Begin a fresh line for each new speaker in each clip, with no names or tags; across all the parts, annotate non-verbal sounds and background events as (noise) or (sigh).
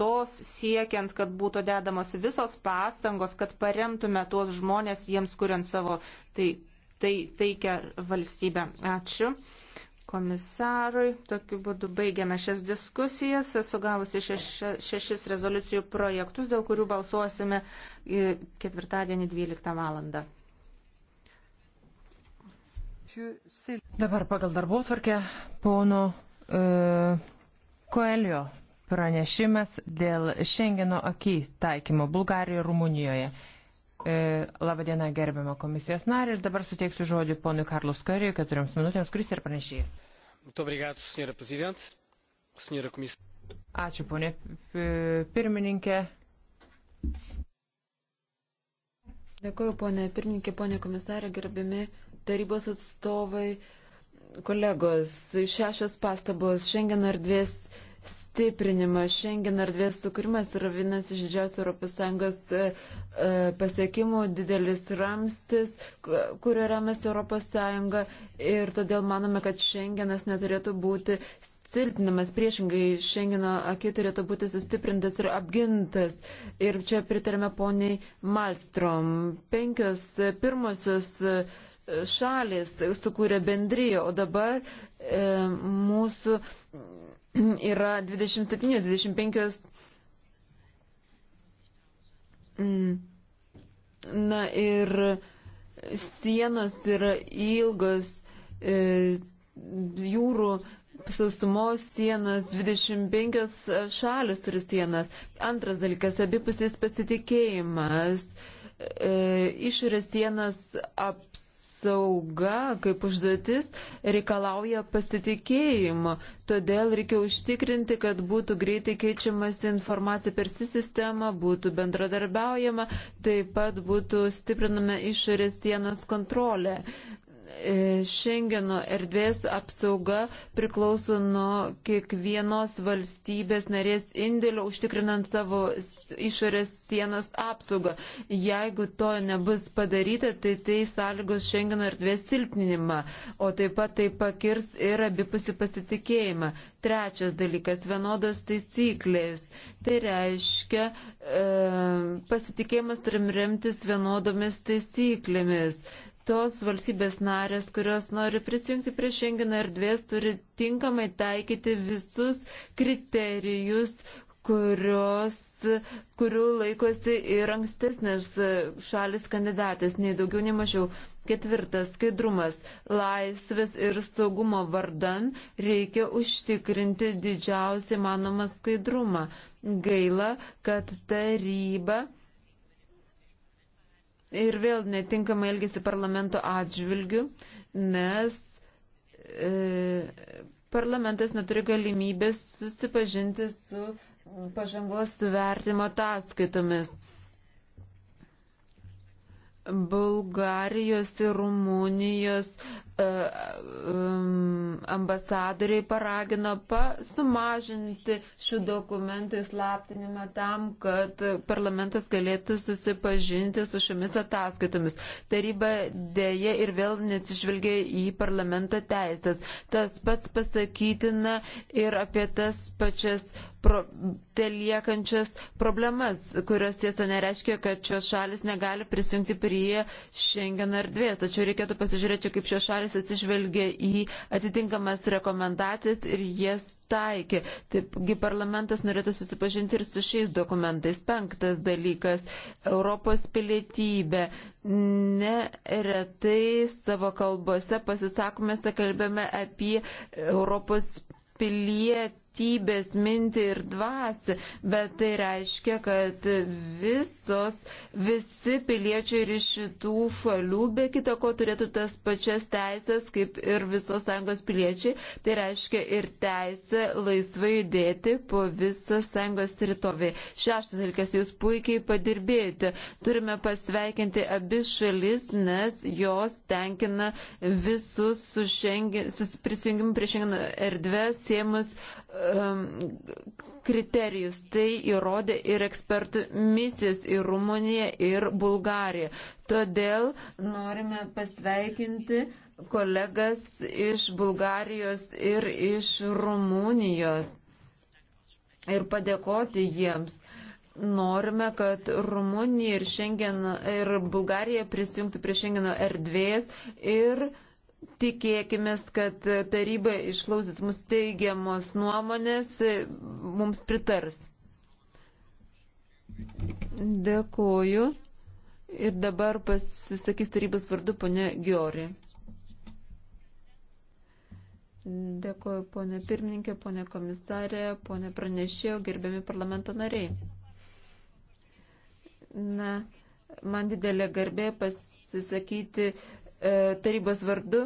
tos siekiant, kad būtų dedamos visos pastangos, kad paremtume tuos žmonės jiems, kuriant savo tai, tai, taikę valstybę. Ačiū komisarui. Tokiu būdu baigiame šias diskusijas. Esu gavusi šeš, šešis rezoliucijų projektus, dėl kurių balsuosime e, ketvirtadienį 12 valandą.
Dabar pagal darbo tvarkę pono e, Koelio pranešimas dėl Šengeno akį taikymo Bulgarijoje ir Rumunijoje. E, Labadiena gerbiamo komisijos narį ir dabar suteiksiu žodį ponui Karlus Karijui keturioms minutėms, kuris ir pranešėjas. Ačiū, ponė e, pirmininkė. Dėkuoju,
ponė pirmininkė, ponė komisarė, gerbiami tarybos atstovai, kolegos. Šešios pastabos Šengeno erdvės stiprinimas, Schengen erdvės sukūrimas yra vienas iš didžiausių ES e, e, pasiekimų, didelis ramstis, kurio remas ES ir todėl manome, kad Schengenas neturėtų būti silpnimas, priešingai Schengeno akį turėtų būti sustiprintas ir apgintas. Ir čia pritarėme poniai Malstrom. Penkios pirmosios e, šalis sukūrė bendryją, o dabar e, mūsų yra 27-25. Mm. Na ir sienos yra ilgos, e, jūrų sausumos sienos, 25 šalis turi sienas. Antras dalykas - abipusis pasitikėjimas, e, išorės sienos apsaugos apsauga kaip užduotis reikalauja pasitikėjimo. Todėl reikia užtikrinti, kad būtų greitai keičiamasi informacija per sistemą, būtų bendradarbiaujama, taip pat būtų stiprinama išorės sienos kontrolė. E, Šengeno erdvės apsauga priklauso nuo kiekvienos valstybės narės indėlio užtikrinant savo išorės sienos apsaugą. Jeigu to nebus padaryta, tai tai sąlygos Šengeno erdvės silpninimą, o taip pat tai pakirs ir abipusi pasitikėjimą. Trečias dalykas - vienodos taisyklės. Tai reiškia, e, pasitikėjimas turim remtis vienodomis taisyklėmis. E, tos valstybės narės, kurios nori prisijungti prie Schengeno erdvės, turi tinkamai taikyti visus kriterijus, kurios, kurių laikosi ir ankstesnės šalis kandidatės, nei daugiau, nei mažiau. Ketvirtas - skaidrumas. Laisvės ir saugumo vardan reikia užtikrinti didžiausią manomą skaidrumą. Gaila, kad taryba ir vėl netinkamai elgesi parlamento atžvilgiu, nes e, parlamentas neturi galimybės susipažinti su pažangos vertimo ataskaitomis. Bulgarijos ir Rumunijos E, ambasadoriai paragino sumažinti šių dokumentų įslaptinimą tam, kad parlamentas galėtų susipažinti su šiomis ataskaitomis. Taryba dėja ir vėl neatsižvelgia į parlamento teisės. Tas pats pasakytina ir apie tas pačias pro, teliekančias problemas, kurios tiesa nereiškia, kad šios šalis negali prisijungti prie Schengen erdvės. Tačiau reikėtų pasižiūrėti, kaip šios šalis šalis atsižvelgė į atitinkamas rekomendacijas ir jas taikė. Taipgi parlamentas norėtų susipažinti ir su šiais dokumentais. Penktas dalykas - Europos pilietybė. Neretai savo kalbose pasisakomėse kalbame apie Europos pilietybę valstybės mintį ir dvasį, bet tai reiškia, kad visos, visi piliečiai ir iš šitų šalių be kita ko turėtų tas pačias teisės kaip ir visos sąjungos piliečiai, tai reiškia ir teisę laisvai judėti po visą sąjungos teritoriją. Šeštas dalykas, jūs puikiai padirbėjote. Turime pasveikinti abi šalis, nes jos tenkina visus su, šengi, su prisijungimu prie šiandien erdvės siemus uh, Ehm, kriterijus. Tai įrodė ir ekspertų misijos į Rumuniją ir Bulgariją. Todėl norime pasveikinti kolegas iš Bulgarijos ir iš Rumunijos ir padėkoti jiems. Norime, kad Rumunija ir, Schengen, ir Bulgarija prisijungtų prie Šengeno erdvės ir uh, Tikėkime, kad taryba išklausys mūsų teigiamos nuomonės, mums pritars. Dėkuoju. Ir dabar pasisakys tarybos vardu ponė Giori. Dėkuoju ponė pirmininkė, ponė komisarė, ponė pranešėjo, gerbiami parlamento nariai. Na, man didelė garbė pasisakyti E, tarybos vardu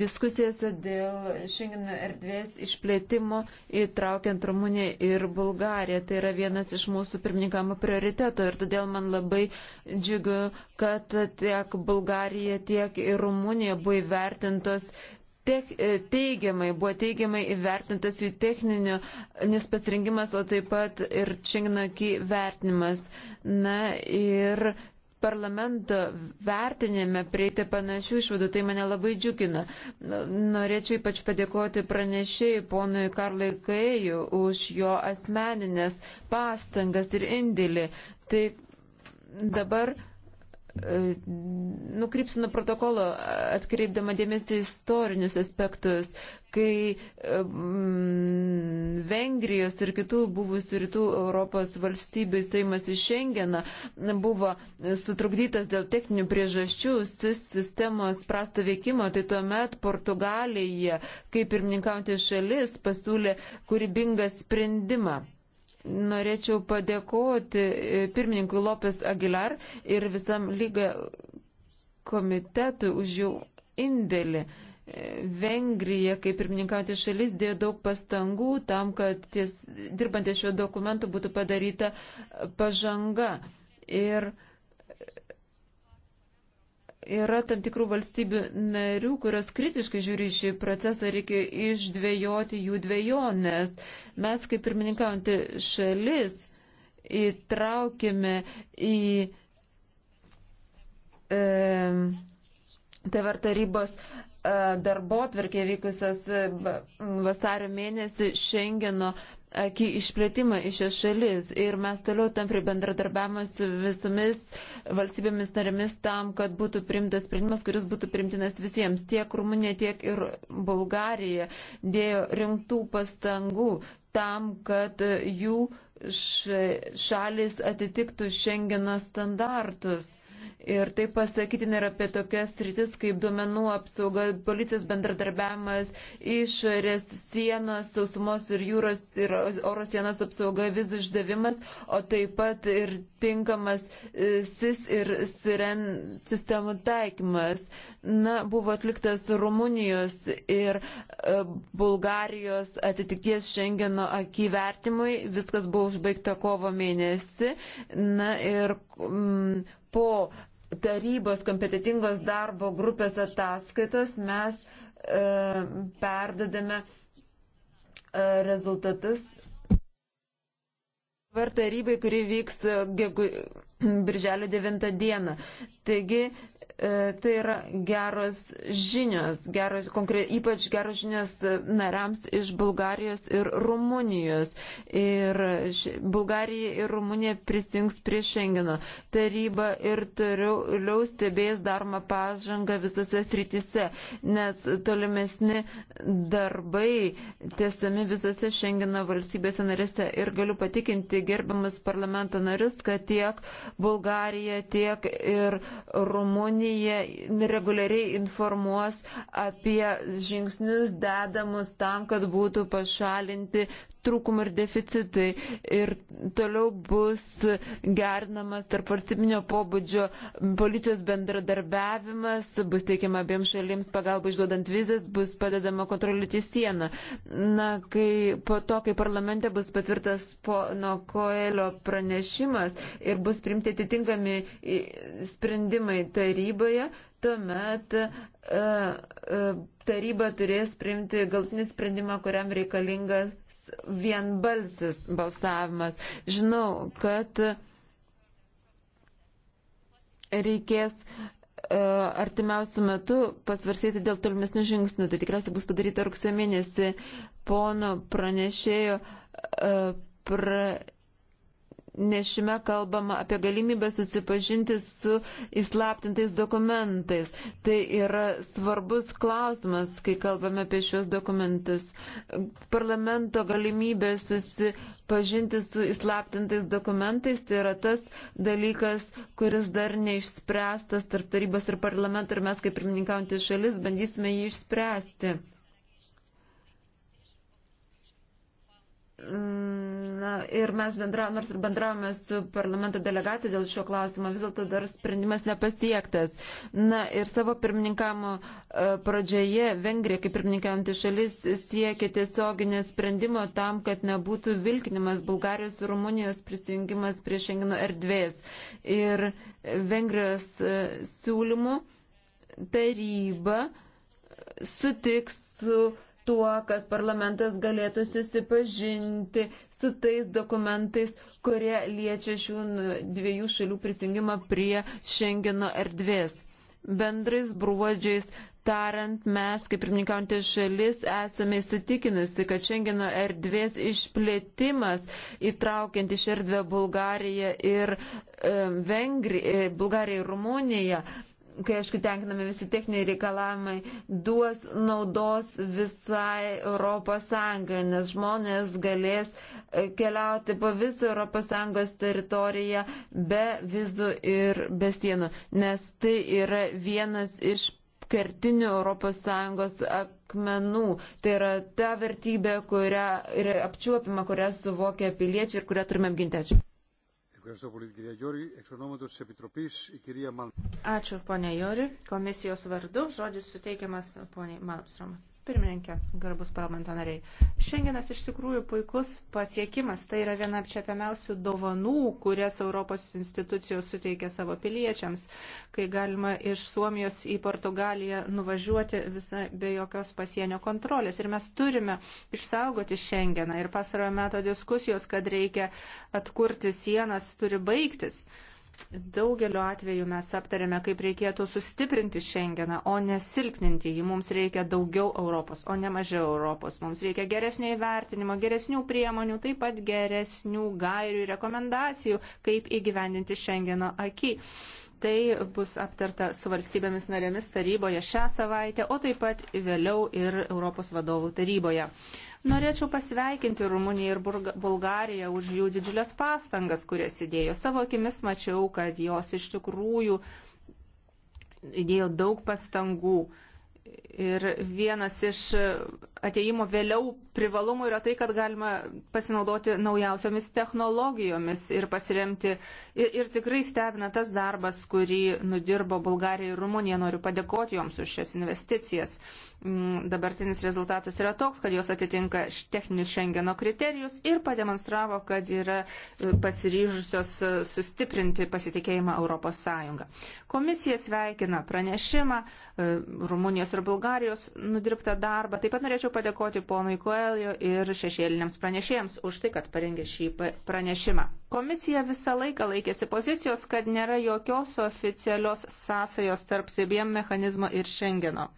diskusijose dėl Šengeno erdvės išplėtimo įtraukiant Rumuniją ir Bulgariją. Tai yra vienas iš mūsų pirmininkamo prioriteto ir todėl man labai džiugu, kad tiek Bulgarija, tiek ir Rumunija buvo įvertintos e, teigiamai, buvo teigiamai įvertintas jų techninio nespasirinkimas, o taip pat ir Čingnoki vertinimas. Na ir parlamento vertinime prieiti panašių išvadų, tai mane labai džiugina. Norėčiau ypač padėkoti pranešėjai ponui Karlai Kaiju už jo asmeninės pastangas ir indėlį. Tai dabar e, nukrypsiu nuo protokolo, atkreipdama dėmesį į istorinius aspektus kai mm, Vengrijos ir kitų buvusių rytų Europos valstybių įstojimas į Šengeną buvo sutrukdytas dėl techninių priežasčių, SIS sistemos prasto veikimo, tai tuomet Portugalija, kaip pirmininkaujantį šalis, pasiūlė kūrybingą sprendimą. Norėčiau padėkoti e, pirmininkui Lopes Aguilar ir visam lygą komitetui už jų indėlį. Vengrija, kaip pirmininkauti šalis, dėjo daug pastangų tam, kad ties, dirbant ties šiuo dokumentu būtų padaryta pažanga. Ir yra tam tikrų valstybių narių, kurios kritiškai žiūri šį procesą, reikia išdvėjoti jų dviejonės. Mes, kaip pirmininkauti šalis, įtraukėme į e, TVR tarybos e, E, darbo tvarkė vykusias e, vasario mėnesį Šengeno akį išplėtimą iš šias šalis ir mes toliau tampriai bendradarbiavome su visomis valstybėmis narėmis tam, kad būtų priimtas sprendimas, kuris būtų primtinas visiems. Tiek Rumunija, tiek ir Bulgarija dėjo rimtų pastangų tam, kad jų šalis atitiktų Šengeno standartus. Ir tai pasakytina ir apie tokias rytis kaip duomenų apsauga, policijos bendradarbiavimas, išorės sienos, sausumos ir jūros ir oro sienos apsauga, vizų išdavimas, o taip pat ir tinkamas e, SIS ir SIREN sistemų taikymas. Na, buvo atliktas Rumunijos ir e, Bulgarijos atitikties Šengeno akyvertimui, viskas buvo užbaigta kovo mėnesį. Na, ir, mm, po tarybos kompetitingos darbo grupės ataskaitos mes e, perdadame e, rezultatus tarybai, kuri vyks gegu, (clears throat) birželio 9 dieną. Taigi e, tai yra geros žinios, geros, konkre, ypač geros žinios e, nariams iš Bulgarijos ir Rumunijos. Ir Bulgarija ir Rumunija prisijungs prie Šengino. Taryba ir toliau stebės daroma pažanga visose srityse, nes tolimesni darbai tiesami visose Šengino valstybėse narėse. Ir galiu patikinti gerbiamus parlamento narius, kad tiek Bulgarija, tiek ir Rumunija reguliariai informuos apie žingsnius dedamus tam, kad būtų pašalinti trūkumai ir deficitai ir toliau bus gerinamas tarp valstybinio pobūdžio policijos bendradarbiavimas, bus teikiama abiems šalims pagalba išduodant vizas, bus padedama kontroliuoti sieną. Na, kai po to, kai parlamente bus patvirtas pono Koelio pranešimas ir bus primti atitinkami sprendimai taryboje, tuomet uh, uh, taryba turės priimti galtinį sprendimą, kuriam reikalingas vienbalsis balsavimas. Žinau, kad reikės e, artimiausių metų pasvarsyti dėl tolimesnių žingsnių. Tai tikriausiai bus padaryta rugsėjo mėnesį pono pranešėjo e, pra pranešime kalbama apie galimybę susipažinti su įslaptintais dokumentais. Tai yra svarbus klausimas, kai kalbame apie šios dokumentus. Parlamento galimybė susipažinti su įslaptintais dokumentais tai yra tas dalykas, kuris dar neišspręstas tarp tarybos ir parlamento ir mes kaip pirmininkaujantys šalis bandysime jį išspręsti. Na ir mes bendravome, nors ir bendravome su parlamento delegacija dėl šio klausimo, vis dėlto dar sprendimas nepasiektas. Na ir savo pirmininkamo e, pradžioje Vengrija, kaip pirmininkiaujanti šalis, siekia tiesioginio sprendimo tam, kad nebūtų vilkinimas Bulgarijos ir Rumunijos prisijungimas prie Šengino erdvės. Ir Vengrijos e, siūlymų taryba sutiks su tuo, kad parlamentas galėtų susipažinti su tais dokumentais, kurie liečia šių dviejų šalių prisijungimą prie Schengeno erdvės. Bendrais bruodžiais tariant, mes, kaip pirmininkaujantė šalis, esame įsitikinusi, kad Šengeno erdvės išplėtimas, įtraukiant iš erdvę Bulgariją ir, e, Vengri, e, Bulgariją ir Rumuniją, kai aišku tenkinami visi techniniai reikalavimai, duos naudos visai Europos Sąjungai, nes žmonės galės e, keliauti po visą Europos Sąjungos teritoriją be vizų ir be sienų, nes tai yra vienas iš kertinių Europos Sąjungos akmenų. Tai yra ta vertybė, kurią yra apčiuopima, kurią suvokia piliečiai ir kurią turime apginti. Ačiū.
Ačiū,
ponė Jori. Komisijos vardu žodis suteikiamas ponė Malmstrom. Pirmininkė, garbus parlamento nariai. Šengenas iš tikrųjų puikus pasiekimas. Tai yra viena apčiapiamiausių dovanų, kurias Europos institucijos suteikia savo piliečiams, kai galima iš Suomijos į Portugaliją nuvažiuoti visą be jokios pasienio kontrolės. Ir mes turime išsaugoti Šengeną. Ir pasarojo meto diskusijos, kad reikia atkurti sienas, turi baigtis. Daugeliu atveju mes aptarėme, kaip reikėtų sustiprinti Šengeną, o nesilpninti jį. Mums reikia daugiau Europos, o ne mažiau Europos. Mums reikia geresnio įvertinimo, geresnių priemonių, taip pat geresnių gairių ir rekomendacijų, kaip įgyvendinti Šengeno akį. Tai bus aptarta su valstybėmis narėmis taryboje šią savaitę, o taip pat vėliau ir Europos vadovų taryboje. Norėčiau pasveikinti Rumuniją ir Bulgariją už jų didžiulės pastangas, kurias įdėjo. Savo akimis mačiau, kad jos iš tikrųjų įdėjo daug pastangų Ir vienas iš ateimo vėliau privalumų yra tai, kad galima pasinaudoti naujausiomis technologijomis ir pasiremti. Ir, ir tikrai stebina tas darbas, kurį nudirbo Bulgarija ir Rumunija. Noriu padėkoti joms už šias investicijas. Uh, Mm, dabartinis rezultatas yra toks, kad jos atitinka techninius Schengeno kriterijus ir pademonstravo, kad yra e, pasiryžusios e, sustiprinti pasitikėjimą Europos Sąjungą. Komisija sveikina pranešimą, e, Rumunijos ir Bulgarijos nudirbtą darbą. Taip pat norėčiau padėkoti ponui Koelio ir šešėliniams pranešėjams už tai, kad parengė šį pranešimą. Komisija visą laiką laikėsi pozicijos, kad nėra jokios oficialios sąsajos tarp CBM mechanizmo ir Schengeno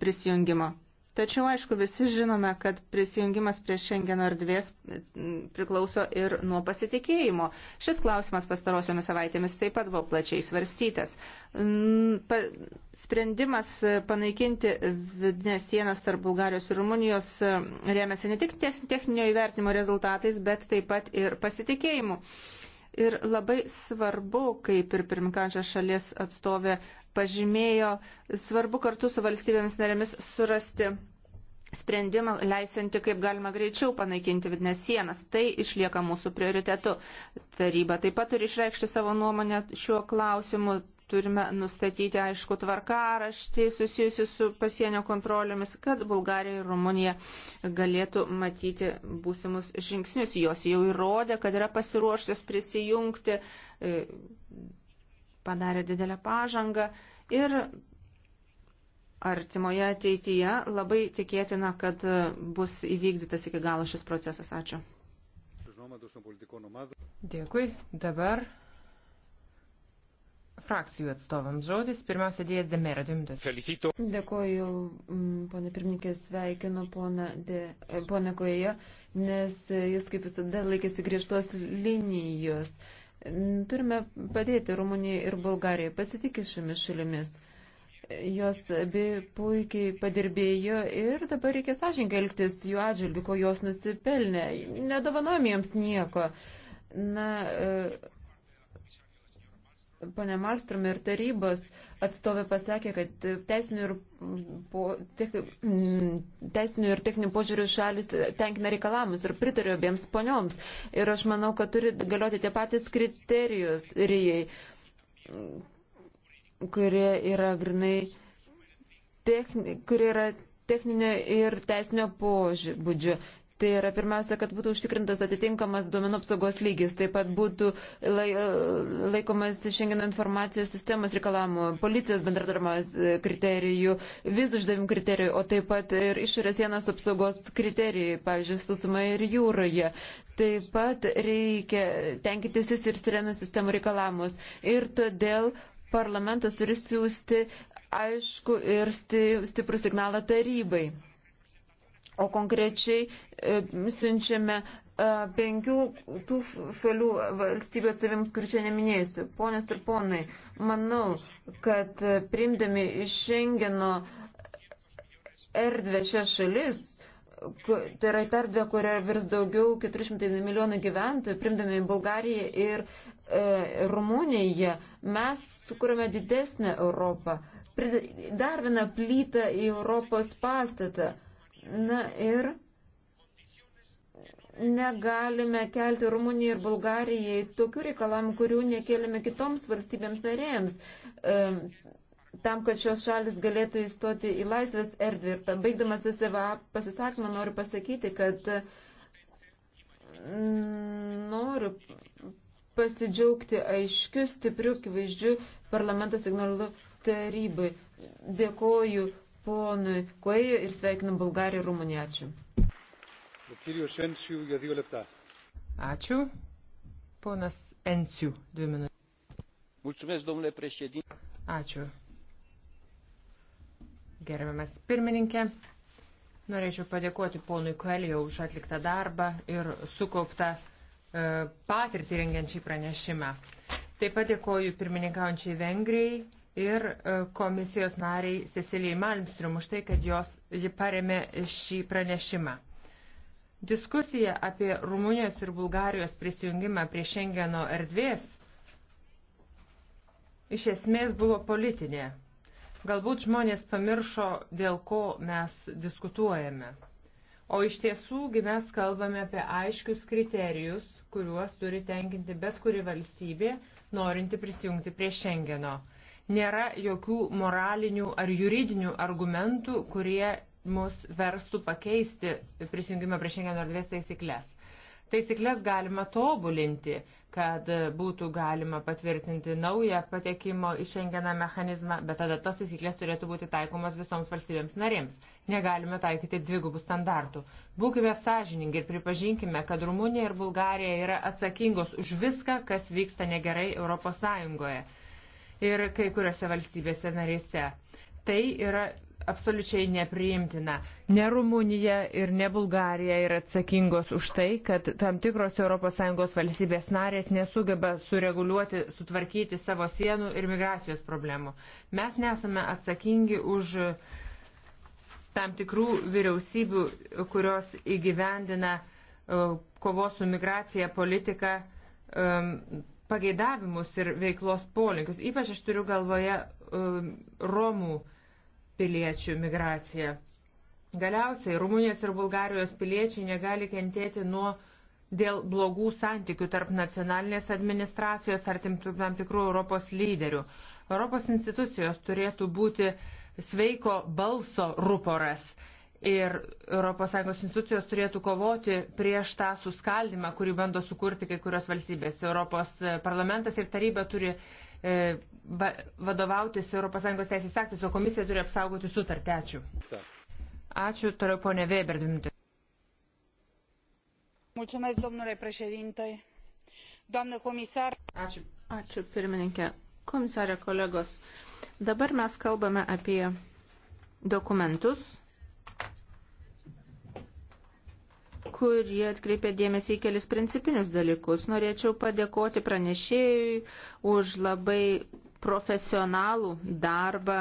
prisijungimo. Tačiau, aišku, visi žinome, kad prisijungimas prie Schengeno erdvės priklauso ir nuo pasitikėjimo. Šis klausimas pastarosiomis savaitėmis taip pat buvo plačiai svarstytas. Pa, sprendimas e, panaikinti vidinės sienas tarp Bulgarijos ir Rumunijos e, remiasi ne tik techninio įvertinimo rezultatais, bet taip pat ir pasitikėjimu. Ir labai svarbu, kaip ir pirmininkančio šalies atstovė pažymėjo, svarbu kartu su valstybėmis narėmis surasti sprendimą leisinti kaip galima greičiau panaikinti vidinės sienas. Tai išlieka mūsų prioritetu. Taryba taip pat turi išreikšti savo nuomonę šiuo klausimu. Turime nustatyti aišku tvarkaraštį susijusi su pasienio kontrolėmis, kad Bulgarija ir Rumunija galėtų matyti būsimus žingsnius. Jos jau įrodė, kad yra pasiruoštas prisijungti e, padarė didelę pažangą ir artimoje ateityje labai tikėtina, kad bus įvykdytas iki galo šis procesas. Ačiū.
Dėkui. Dabar frakcijų atstovams žodis. Pirmiausia, dėjas Demera Dimtas.
Dėkoju, mm, ponė pirmininkė, sveikinu ponę Kojeje, nes jis kaip visada laikėsi griežtos linijos. Turime padėti Rumunijai ir Bulgarijai, pasitikiu šiomis šalimis. Jos abi puikiai padirbėjo ir dabar reikia sąžinkai elgtis jų atžvilgiu, ko jos nusipelnė. Nedovanojom jiems nieko. Na, e, ponė Malstrom ir tarybos atstovė pasakė, kad teisinių ir, po, tech, mm, teisinių ir techninių požiūrių šalis tenkina reikalavimus ir pritariu abiems ponioms. Ir aš manau, kad turi galioti tie patys kriterijus rijai, kurie yra grinai techni, kurie yra techninio ir teisinio požiūrio. Tai yra pirmiausia, kad būtų užtikrintas atitinkamas duomenų apsaugos lygis, taip pat būtų lai, laikomas šiandieno informacijos sistemos reikalavimų, policijos bendradarbiavimas kriterijų, vizų išdavimų kriterijų, o taip pat ir išorės sienos apsaugos kriterijai, pavyzdžiui, susumai ir jūroje. Taip pat reikia tenkintis ir sirenų sistemų reikalavimus. Ir todėl parlamentas turi siūsti aišku ir sti, stiprų signalą tarybai o konkrečiai e, siunčiame e, penkių tų šalių valstybių atsavėms, kurių čia neminėsiu. Ponės ir ponai, manau, kad e, priimdami iš Šengeno erdvę šią šalis, tai yra erdvė, kuria virs daugiau 400 milijonų gyventojų, primdami Bulgariją ir e, Rumuniją, mes sukūrėme didesnę Europą. Dar vieną plytą į Europos pastatą. E, Na ir negalime kelti Rumunijai ir Bulgarijai tokių reikalavimų, kurių nekeliame kitoms valstybėms narėjams, e, tam, kad šios šalis galėtų įstoti į laisvės erdvę. Ir baigdamas SVA pasisakymą noriu pasakyti, kad mm, noriu pasidžiaugti aiškiu, stipriu, kvaizdžiu parlamento signalu tarybai. Dėkoju ponui Kuoju ir sveikinu Bulgariją ir Rumuniją.
Ačiū. Ačiū. Ponas Enciu, dvi minutės.
Mulțumesc, domnule președinte.
Ačiū. Gerbiamas pirmininkė, norėčiau padėkoti ponui Kuelijo už atliktą darbą ir sukauptą e, patirtį rengiančiai pranešimą. Taip pat dėkoju pirmininkaujančiai Vengrijai ir e, komisijos nariai Cecilijai Malmstrom už tai, kad jos, ji paremė šį pranešimą. Diskusija apie Rumunijos ir Bulgarijos prisijungimą prie Šengeno erdvės iš esmės buvo politinė. Galbūt žmonės pamiršo, dėl ko mes diskutuojame. O iš tiesųgi mes kalbame apie aiškius kriterijus, kuriuos turi tenkinti bet kuri valstybė, norinti prisijungti prie Šengeno nėra jokių moralinių ar juridinių argumentų, kurie mus verstų pakeisti prisijungimą prie šiandien erdvės taisyklės. Taisyklės galima tobulinti, kad būtų galima patvirtinti naują patekimo į Šengeną mechanizmą, bet tada tos taisyklės turėtų būti taikomos visoms valstybėms narėms. Negalime taikyti dvigubų standartų. Būkime sąžiningi ir pripažinkime, kad Rumunija ir Bulgarija yra atsakingos už viską, kas vyksta negerai ES ir kai kuriuose valstybėse narėse. Tai yra absoliučiai nepriimtina. Ne Rumunija ir ne Bulgarija yra atsakingos už tai, kad tam tikros ES valstybės narės nesugeba sureguliuoti, sutvarkyti savo sienų ir migracijos problemų. Mes nesame atsakingi už tam tikrų vyriausybių, kurios įgyvendina e, kovos su migracija politiką pageidavimus ir veiklos polinkius. Ypač aš turiu galvoje um, Romų piliečių migraciją. Galiausiai Rumunijos ir Bulgarijos piliečiai negali kentėti nuo dėl blogų santykių tarp nacionalinės administracijos ar tam tikrų Europos lyderių. Europos institucijos turėtų būti sveiko balso ruporas ir ES institucijos turėtų kovoti prieš tą suskaldimą, kurį bando sukurti kai kurios valstybės. Europos parlamentas ir taryba turi e, va, vadovautis ES teisės aktais, o komisija turi apsaugoti sutartį. Ačiū. Ačiū, toliau ponė Weber, dvi minutės.
Mulțumesc, domnule președinte. Doamnă comisar. Ačiū. Ačiū, pirmininkė. Komisarė, kolegos. Dabar mes kalbame apie dokumentus, kurie atkreipė dėmesį į kelis principinius dalykus. Norėčiau padėkoti pranešėjui už labai profesionalų darbą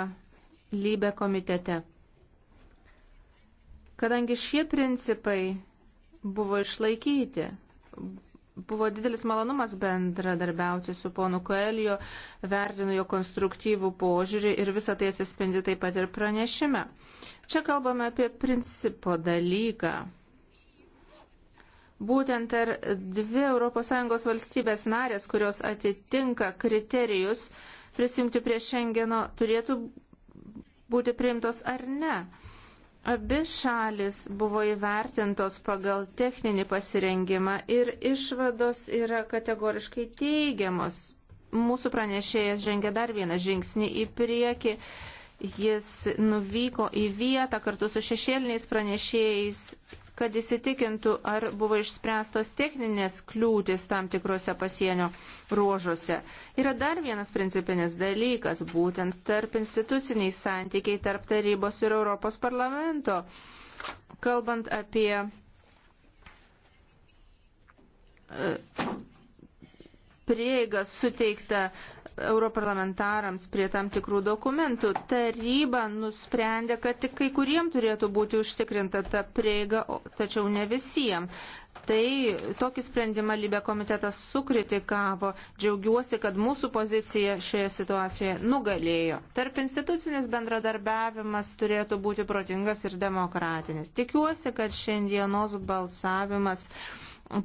lybę komitete. Kadangi šie principai buvo išlaikyti, buvo didelis malonumas bendradarbiauti su ponu Koelio, vertinu jo konstruktyvų požiūrį ir visą tai atsispindi taip pat ir pranešime. Čia kalbame apie principo dalyką Būtent ar dvi ES valstybės narės, kurios atitinka kriterijus prisijungti prie Šengeno, turėtų būti priimtos ar ne. Abi šalis buvo įvertintos pagal techninį pasirengimą ir išvados yra kategoriškai teigiamos. Mūsų pranešėjas žengė dar vieną žingsnį į priekį. Jis nuvyko į vietą kartu su šešėliniais pranešėjais kad įsitikintų, ar buvo išspręstos techninės kliūtis tam tikrose pasienio ruožuose. Yra dar vienas principinis dalykas, būtent tarp instituciniai santykiai tarp tarybos ir Europos parlamento. Kalbant apie e, prieigą suteiktą europarlamentarams prie tam tikrų dokumentų. Taryba nusprendė, kad tik kai kuriem turėtų būti užtikrinta ta prieiga, tačiau ne visiems. Tai tokį sprendimą Libė komitetas sukritikavo. Džiaugiuosi, kad mūsų pozicija šioje situacijoje nugalėjo. Tarp institucinis bendradarbiavimas turėtų būti protingas ir demokratinis. Tikiuosi, kad šiandienos balsavimas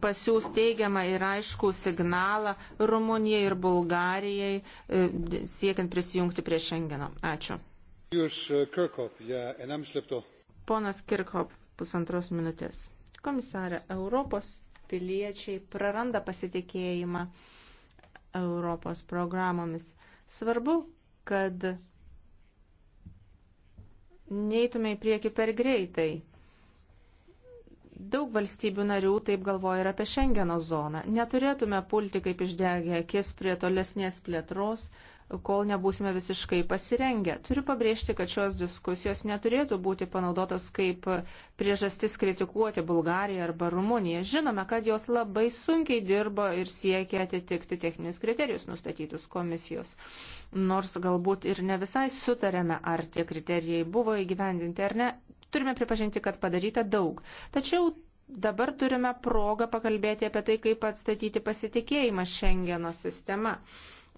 pasiūs teigiamą ir aiškų signalą Rumunijai ir Bulgarijai e, siekiant prisijungti prie Šengeno. Ačiū.
Jūs e, Kirkop, ja, enams lepto.
Ponas Kirkop, pusantros minutės. Komisarė, Europos piliečiai praranda pasitikėjimą Europos programomis. Svarbu, kad neįtume į priekį per greitai. Daug valstybių narių taip galvoja ir apie Šengeno zoną. Neturėtume pulti kaip išdegę akis prie tolesnės plėtros, kol nebūsime visiškai pasirengę. Turiu pabrėžti, kad šios diskusijos neturėtų būti panaudotos kaip priežastis kritikuoti Bulgariją arba Rumuniją. Žinome, kad jos labai sunkiai dirbo ir siekia atitikti techninius kriterijus nustatytus komisijos. Nors galbūt ir ne visai sutarėme, ar tie kriterijai buvo įgyvendinti ar ne, turime pripažinti, kad padaryta daug. Tačiau dabar turime progą pakalbėti apie tai, kaip atstatyti pasitikėjimą Schengeno sistema.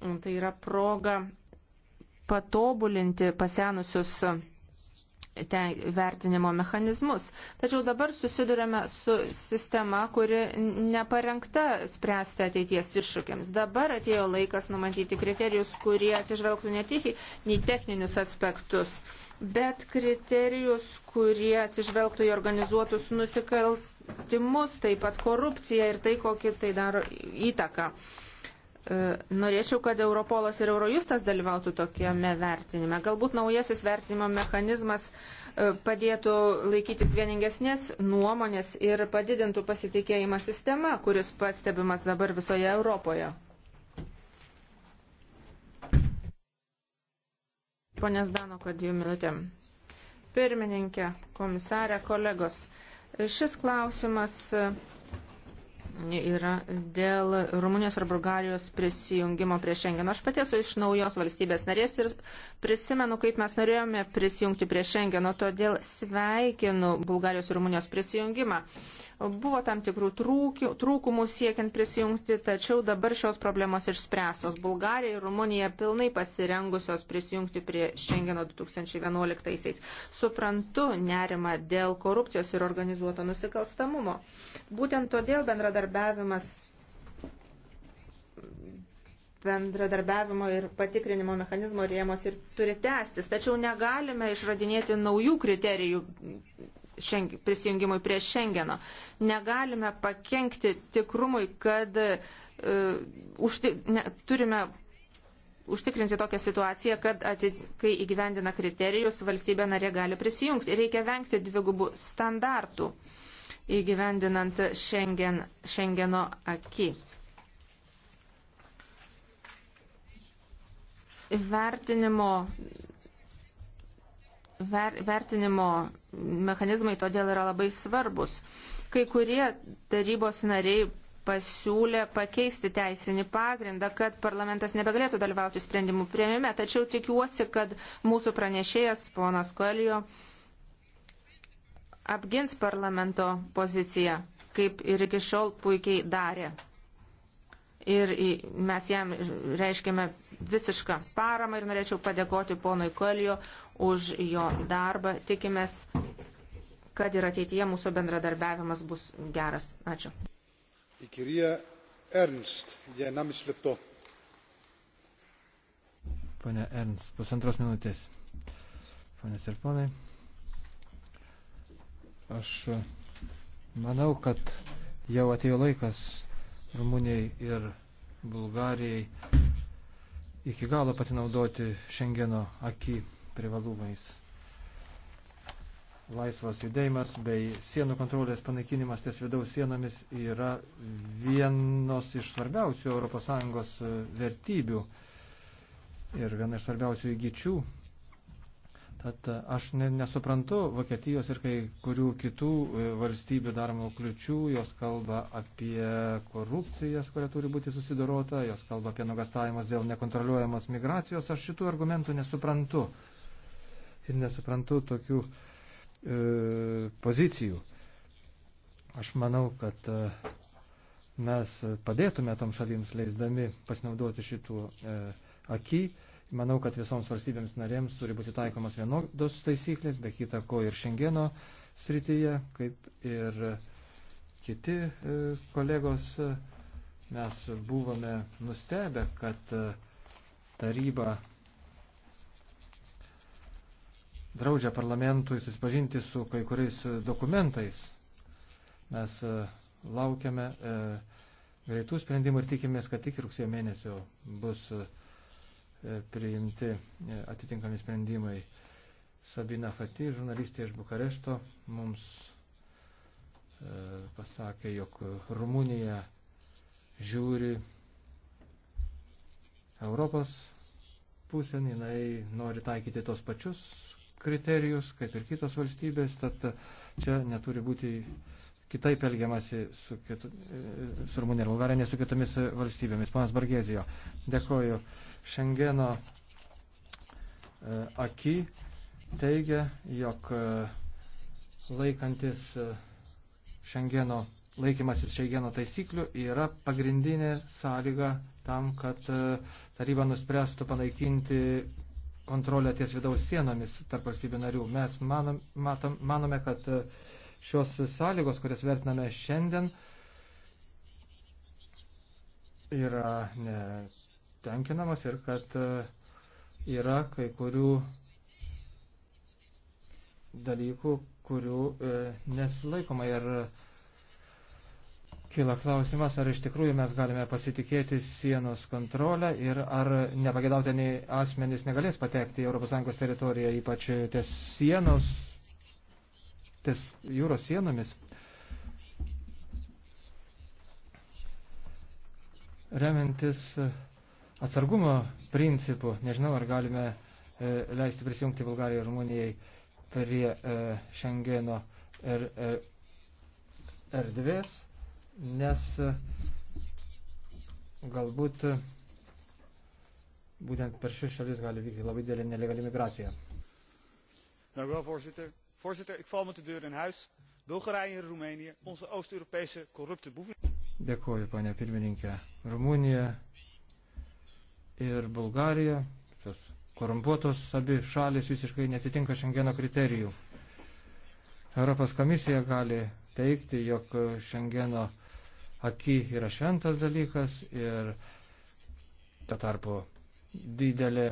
Tai yra proga patobulinti pasenusius vertinimo mechanizmus. Tačiau dabar susidurėme su sistema, kuri neparengta spręsti ateities iššūkiams. Dabar atėjo laikas numatyti kriterijus, kurie atsižvelgtų ne tik į techninius aspektus bet kriterijus, kurie atsižvelgtų į organizuotus nusikaltimus, taip pat korupciją ir tai, kokį tai daro įtaką. E, norėčiau, kad Europolas ir Eurojustas dalyvautų tokiame vertinime. Galbūt naujasis vertinimo mechanizmas e, padėtų laikytis vieningesnės nuomonės ir padidintų pasitikėjimą sistema, kuris pastebimas dabar visoje Europoje. Pone Zdanoka, dviem minutėm. Pirmininkė, komisarė, kolegos. Šis klausimas e, yra dėl Rumunijos ir Bulgarijos prisijungimo prie Šengeno. Aš pati esu iš naujos valstybės narės ir Prisimenu, kaip mes norėjome prisijungti prie Šengeno, todėl sveikinu Bulgarijos ir Rumunijos prisijungimą. Buvo tam tikrų trūkių, trūkumų siekiant prisijungti, tačiau dabar šios problemos išspręstos. Bulgarija ir Rumunija pilnai pasirengusios prisijungti prie Šengeno 2011-aisiais. Suprantu nerimą dėl korupcijos ir organizuoto nusikalstamumo. Būtent todėl bendradarbiavimas bendradarbiavimo ir patikrinimo mechanizmo rėmos ir turi tęstis. Tačiau negalime išradinėti naujų kriterijų prisijungimui prie Šengeno. Negalime pakengti tikrumui, kad uh, užti, ne, turime užtikrinti tokią situaciją, kad ati, kai įgyvendina kriterijus, valstybė narė gali prisijungti. Reikia vengti dvigubų standartų įgyvendinant Šengen, Šengeno akį. vertinimo, ver, vertinimo mechanizmai todėl yra labai svarbus. Kai kurie tarybos nariai pasiūlė pakeisti teisinį pagrindą, kad parlamentas nebegalėtų dalyvauti sprendimų prieimime, tačiau tikiuosi, kad mūsų pranešėjas, ponas Koelio, apgins parlamento poziciją, kaip ir iki šiol puikiai darė ir mes jam reiškiame visišką paramą ir norėčiau padėkoti ponui Kolio už jo darbą. Tikimės, kad ir ateityje mūsų bendradarbiavimas bus geras. Ačiū.
Ernst,
Pane Ernst, pusantros minutės. Pane ir ponai, aš manau, kad jau atėjo laikas Rumunijai ir Bulgarijai iki galo pasinaudoti Šengeno akį privalumais. Laisvas judėjimas bei sienų kontrolės panaikinimas ties vidaus sienomis yra vienos iš svarbiausių ES vertybių ir viena iš svarbiausių įgyčių Tad e, aš ne, nesuprantu Vokietijos ir kai kurių kitų e, valstybių daromų kliučių, jos kalba apie korupcijas, kuria turi būti susidorota, jos kalba apie nugastavimas dėl nekontroliuojamos migracijos. Aš šitų argumentų nesuprantu ir nesuprantu tokių e, pozicijų. Aš manau, kad e, mes padėtume tom šalims leisdami pasinaudoti šituo e, akį. Manau, kad visoms valstybėms narėms turi būti taikomas vienodos taisyklės, be kita ko ir Šengeno srityje, kaip ir kiti e, kolegos. Mes buvome nustebę, kad e, taryba draudžia parlamentui susipažinti su kai kuriais dokumentais. Mes e, laukiame greitų sprendimų ir tikimės, kad tik rugsėjo mėnesio bus. E, E, priimti e, atitinkami sprendimai. Sabina Fati, žurnalistė iš Bukarešto, mums e, pasakė, jog Rumunija žiūri Europos pusėn, jinai nori taikyti tos pačius kriterijus, kaip ir kitos valstybės, tad čia neturi būti kitaip elgiamasi su, kitu, su Rumunija ir Bulgarija, ne su kitomis valstybėmis. Panas Bargezijo, dėkoju. Šengeno e, aki teigia, jog e, laikantis e, Šengeno, laikymasis Šengeno taisyklių yra pagrindinė sąlyga tam, kad taryba nuspręstų panaikinti kontrolę ties vidaus sienomis tarp valstybių narių. Mes manom, matom, manome, kad šios sąlygos, kurias vertiname šiandien, yra ne tenkinamas ir kad e, yra kai kurių dalykų, kurių e, nesilaikoma ir kyla klausimas, ar iš tikrųjų mes galime pasitikėti sienos kontrolę ir ar nepagėdautini asmenys negalės patekti į ES teritoriją, ypač ties sienos, ties jūros sienomis. Remiantis atsargumo principu. Nežinau, ar galime e, leisti prisijungti Bulgarijai ir Rumunijai prie Šengeno e, er, er, erdvės, nes e, galbūt būtent per šis šalis gali vykti labai didelė nelegali migracija. Dank u wel, voorzitter. Voorzitter, ik val met de deur in huis. Bulgarije en Roemenië, onze Oost-Europese corrupte boeven. Dėkuoju, ponia pirmininkė. Rumunija, ir Bulgarija, šios korumpuotos abi šalis visiškai netitinka šengeno kriterijų. Europos komisija gali teikti, jog šengeno aki yra šventas dalykas ir ta tarpu didelė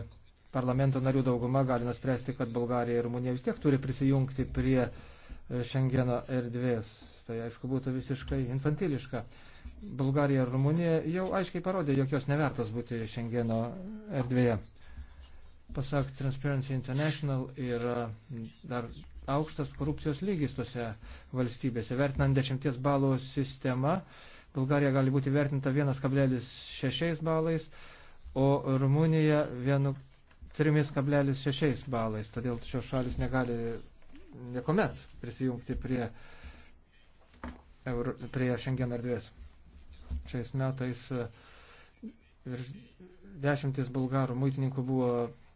parlamento narių dauguma gali nuspręsti, kad Bulgarija ir Rumunija vis tiek turi prisijungti prie šengeno erdvės. Tai aišku būtų visiškai infantiliška. Bulgarija ir Rumunija jau aiškiai parodė, jog jos nevertos būti Šengeno erdvėje. Pasak Transparency International yra dar aukštas korupcijos lygis tose valstybėse. Vertinant dešimties balų sistemą, Bulgarija gali būti vertinta 1,6 balais, o Rumunija 3,6 balais. Todėl šios šalis negali niekuomet prisijungti prie, prie Šengeno erdvės. Šiais metais virš e, dešimtis bulgarų muitininkų buvo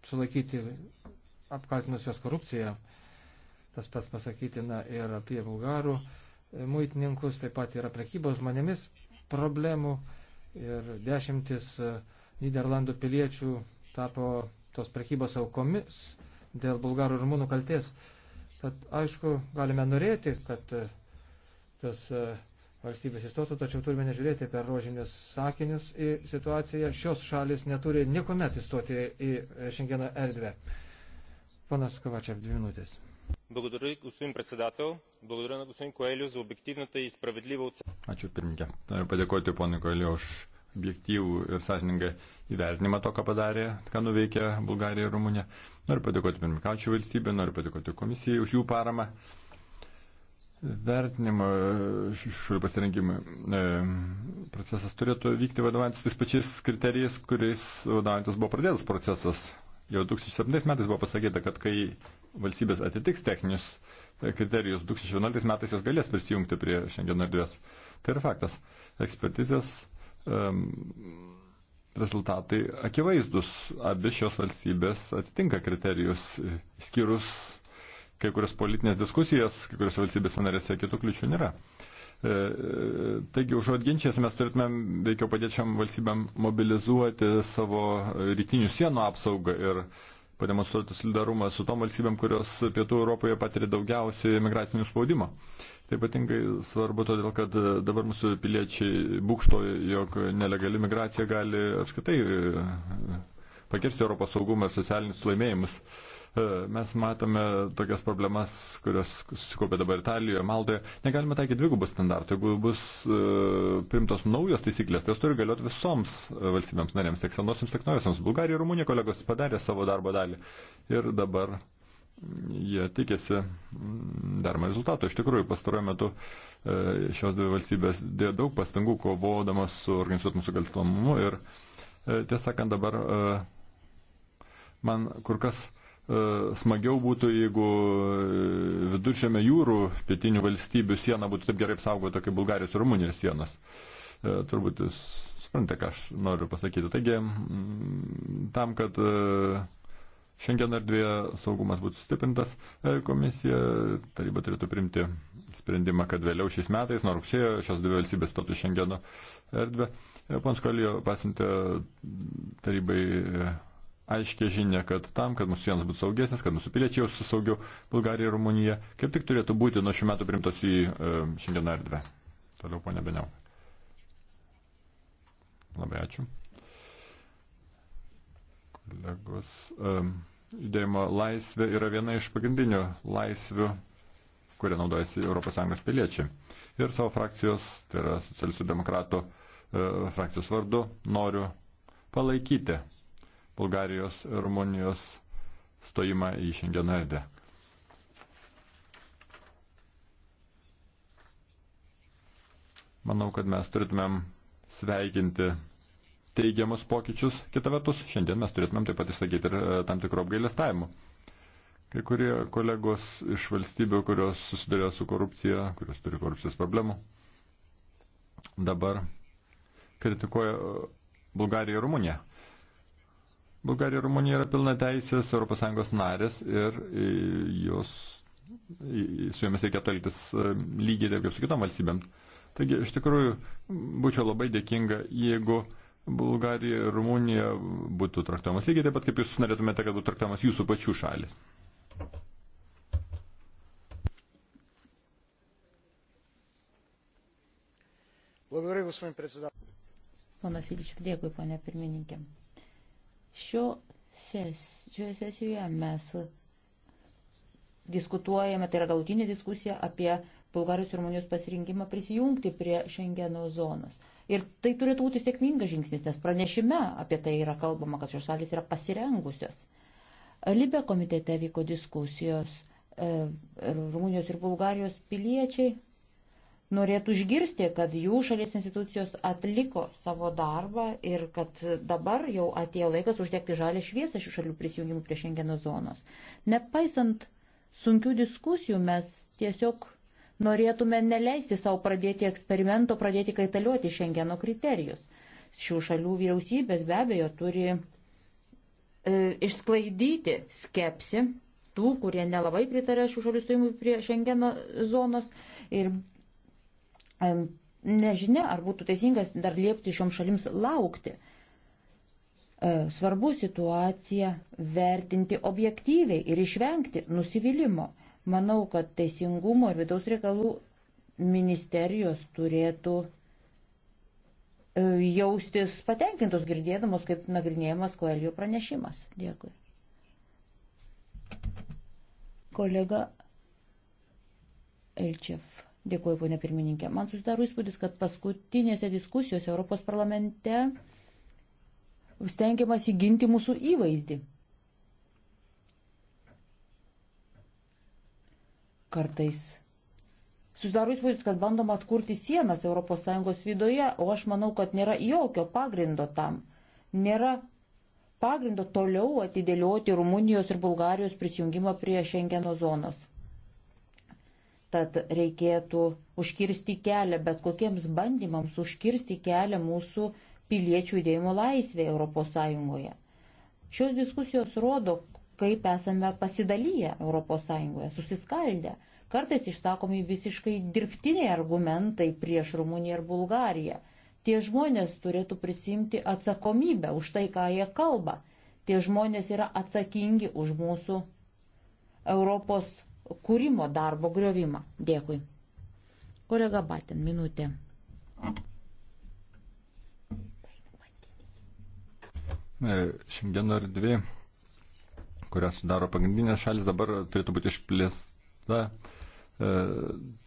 sulaikyti apkaltinusios korupciją. Tas pats pasakytina ir apie bulgarų e, muitininkus, taip pat yra prekybos žmonėmis problemų ir dešimtis e, Niderlandų piliečių tapo tos prekybos aukomis dėl bulgarų ir rumunų kalties. Tad aišku, galime norėti, kad tas uh, valstybės įstotų, tačiau turime nežiūrėti per rožinius sakinius į situaciją. Šios šalis neturi niekuomet įstoti į šiandieną erdvę. Panas Kovačiav, dvi minutės.
Благодаря, господин председател. Благодаря на господин Коелио за обективната и справедлива оценка. Ačiū pirmininkė. Noriu padėkoti ponui Koelio už objektyvų ir sąžiningą įvertinimą to, ką padarė, ką nuveikė Bulgarija ir Rumunija. Noriu padėkoti pirmininkaučių valstybė, noriu padėkoti komisijai už jų paramą vertinimo e, šių pasirinkimų e, procesas turėtų vykti vadovantis tais pačiais kriterijais, kuriais vadovantis buvo pradėtas procesas. Jau 2007 metais buvo pasakyta, kad kai valstybės atitiks techninius e, kriterijus, 2011 metais jos galės prisijungti prie šiandien erdvės. Tai yra faktas. Ekspertizės um, e, rezultatai akivaizdus. Abi šios valstybės atitinka kriterijus, e, skyrus kai kurias politinės diskusijas, kai kuriuose valstybėse narėse kitų kliučių nėra. E, e, taigi užuot ginčiais mes turėtumėm veikiau padėti šiam valstybėm mobilizuoti savo rytinių sienų apsaugą ir pademonstruoti solidarumą su tom valstybėm, kurios pietų Europoje patiria daugiausiai migracinių spaudimo. Tai ypatingai svarbu todėl, kad dabar mūsų piliečiai būkšto, jog nelegali migracija gali apskritai e, pakirsti Europos saugumą ir socialinius laimėjimus. E, mes matome tokias problemas, kurios susikaupė dabar Italijoje, Maltoje. Negalime taikyti dvigubų standartų. Jeigu bus e, primtos naujos taisyklės, tai jos turi galioti visoms e, valstybėms narėms, tiek senosiams, tiek naujosiams. Bulgarija ir Rumunija kolegos padarė savo darbo dalį. Ir dabar jie tikėsi mm, darbo rezultato. Iš tikrųjų, pastaruoju metu šios dvi valstybės dėjo daug pastangų kovodamas su organizuotų nusikalstamumu ir tiesą sakant dabar man kur kas E, smagiau būtų, jeigu e, viduržėme jūrų pietinių valstybių siena būtų taip gerai apsaugota kaip Bulgarijos ir Rumunijos sienos. E, turbūt jūs suprantate, ką aš noriu pasakyti. Taigi, tam, kad šiandien erdvėje saugumas būtų sustiprintas, komisija taryba turėtų primti sprendimą, kad vėliau šiais metais, nuo rugsėjo, šios dvi valstybės stotų šiandieno erdvę. Pons Kalijo pasiuntė tarybai aiškia žinia, kad tam, kad mūsų sienos būtų saugesnės, kad mūsų piliečiai jaustų saugiau Bulgarija ir Rumunija, kaip tik turėtų būti nuo šių metų primtas į e, šiandieną erdvę. Toliau, ponia Beniau. Labai ačiū. Kolegos, e, judėjimo laisvė yra viena iš pagrindinių laisvių, kuria naudojasi ES piliečiai. Ir savo frakcijos, tai yra socialistų demokratų e, frakcijos vardu, noriu palaikyti Bulgarijos ir Rumunijos stojimą į Šengeno erdvę. Manau, kad mes turėtumėm sveikinti teigiamus pokyčius. Kita vertus, šiandien mes turėtumėm taip pat išsakyti ir e, tam tikro apgailestavimo. Kai kurie kolegos iš valstybių, kurios susiduria su korupcija, kurios turi korupcijos problemų, dabar kritikuoja Bulgariją ir Rumuniją. Bulgarija ir Rumunija yra pilna teisės ES narės ir jos, su jomis reikėtų elgtis e, lygiai taip kaip su kitom valstybėm. Taigi, iš tikrųjų, būčiau labai dėkinga, jeigu Bulgarija ir Rumunija būtų traktuojamas lygiai taip pat, kaip jūs norėtumėte, kad būtų traktuojamas jūsų pačių šalis.
Благодаря, господин председател.
Ponas Iličiuk, dėkui, ponė pirmininkė. Šio ses, šioje sesijoje mes diskutuojame, tai yra galutinė diskusija apie Bulgarijos ir Rumunijos pasirinkimą prisijungti prie Šengeno zonos. Ir tai turėtų būti sėkmingas žingsnis, nes pranešime apie tai yra kalbama, kad šios šalis yra pasirengusios. Libė komitete vyko diskusijos. E, Rumunijos ir Bulgarijos piliečiai norėtų išgirsti, kad jų šalies institucijos atliko savo darbą ir kad dabar jau atėjo laikas uždegti žalę šviesą šių šalių prisijungimų prie Šengeno zonos. Nepaisant sunkių diskusijų, mes tiesiog norėtume neleisti savo pradėti eksperimento, pradėti kaitalioti Šengeno kriterijus. Šių šalių vyriausybės be abejo turi e, išsklaidyti skepsi tų, kurie nelabai pritarė šių šalių stojimui prie Šengeno zonos ir Nežinia, ar būtų teisingas dar liepti šioms šalims laukti. E, svarbu situaciją vertinti objektyviai ir išvengti nusivylimų. Manau, kad teisingumo ir vidaus reikalų ministerijos turėtų e, jaustis patenkintos girdėdamos, kaip nagrinėjamas Koelio pranešimas. Dėkui. Kolega Elčiev. Dėkuoju, ponė pirmininkė. Man susidaro įspūdis, kad paskutinėse diskusijose Europos parlamente stengiamas įginti mūsų įvaizdį. Kartais susidaro įspūdis, kad bandoma atkurti sienas ES viduje, o aš manau, kad nėra jokio pagrindo tam. Nėra pagrindo toliau atidėlioti Rumunijos ir Bulgarijos prisijungimą prie Šengeno zonos. Tad reikėtų užkirsti kelią bet kokiems bandymams užkirsti kelią mūsų piliečių judėjimo laisvė ES. Šios diskusijos rodo, kaip esame pasidalyję ES, susiskaldę. Kartais išsakomi visiškai dirbtiniai argumentai prieš Rumuniją ir Bulgariją. Tie žmonės turėtų prisimti atsakomybę už tai, ką jie kalba. Tie žmonės yra atsakingi už mūsų Europos kūrimo darbo griovimą. Dėkui. Kolega Batin, minutė.
Šiandieno erdvė, kurią sudaro pagrindinės šalis, dabar turėtų būti išplėsta E,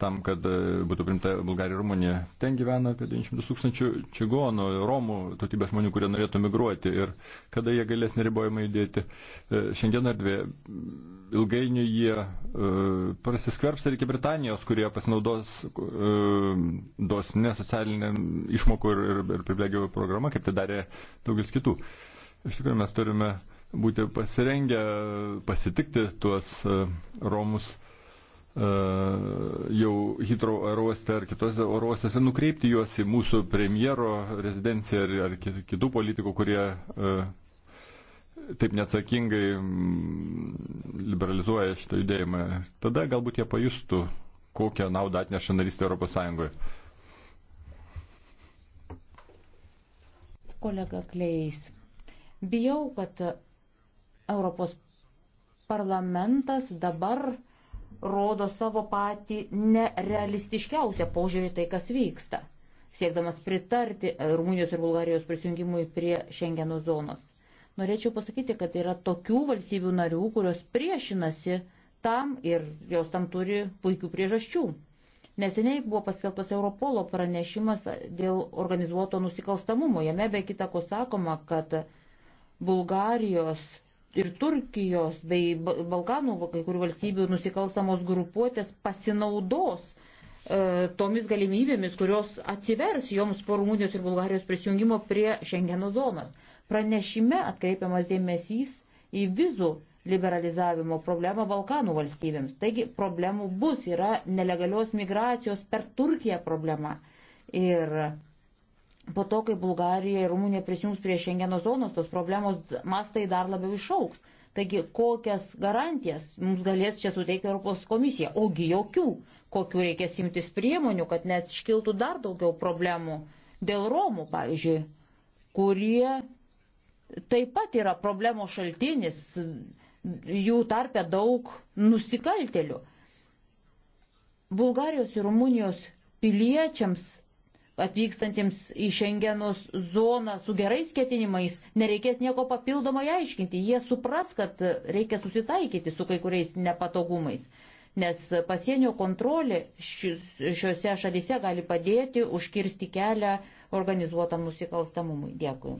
tam, kad e, būtų primta Bulgarija ir Rumunija. Ten gyvena apie 900 tūkstančių čigonų, romų, tautybės žmonių, kurie norėtų migruoti ir kada jie galės neribojamai judėti. E, šiandien ar dvi ilgainiui jie prasiskverbs ir iki Britanijos, kurie pasinaudos dosne socialinė išmokų ir, ir, ir privilegijų programa, kaip tai darė daugelis kitų. Iš tikrųjų, mes turime būti pasirengę pasitikti tuos Romus E, jau Hitro aerouoste ar kitose aerouostose nukreipti juos į mūsų premjero rezidenciją ar, ar kitų politikų, kurie e, taip neatsakingai mm, liberalizuoja šitą judėjimą. Tada galbūt jie pajustų, kokią naudą atneša narystė Europos Sąjungoje.
Kolega
Kleis, bijau, kad Europos parlamentas dabar rodo savo patį nerealistiškiausią požiūrį tai, kas vyksta, siekdamas pritarti Rumunijos ir Bulgarijos prisijungimui prie Šengeno zonos. Norėčiau pasakyti, kad yra tokių valstybių narių, kurios priešinasi tam ir jos tam turi puikių priežasčių. Neseniai buvo paskelbtas Europolo pranešimas dėl organizuoto nusikalstamumo. Jame be kita ko sakoma, kad Bulgarijos ir Turkijos bei Balkanų kai kurių valstybių nusikalstamos grupuotės pasinaudos e, tomis galimybėmis, kurios atsivers joms po Rumunijos ir Bulgarijos prisijungimo prie Šengeno zonas. Pranešime atkreipiamas dėmesys į vizų liberalizavimo problemą Balkanų valstybėms. Taigi problemų bus, yra nelegalios migracijos per Turkiją problema. Ir po to, kai Bulgarija ir Rumunija prisijungs prie Šengeno zonos, tos problemos mastai dar labiau išauks. Taigi, kokias garantijas mums galės čia suteikti Europos komisija? Ogi jokių, kokiu reikės imtis priemonių, kad net iškiltų dar daugiau problemų dėl Romų, pavyzdžiui, kurie taip pat yra problemo šaltinis, jų tarpe daug nusikaltelių. Bulgarijos ir Rumunijos piliečiams atvykstantiems į Šengenos zoną su gerais ketinimais nereikės nieko papildomai aiškinti. Jie supras, kad reikia susitaikyti su kai kuriais nepatogumais, nes pasienio kontrolė šiuose šalyse gali padėti užkirsti kelią organizuotam nusikalstamumui. Dėkui.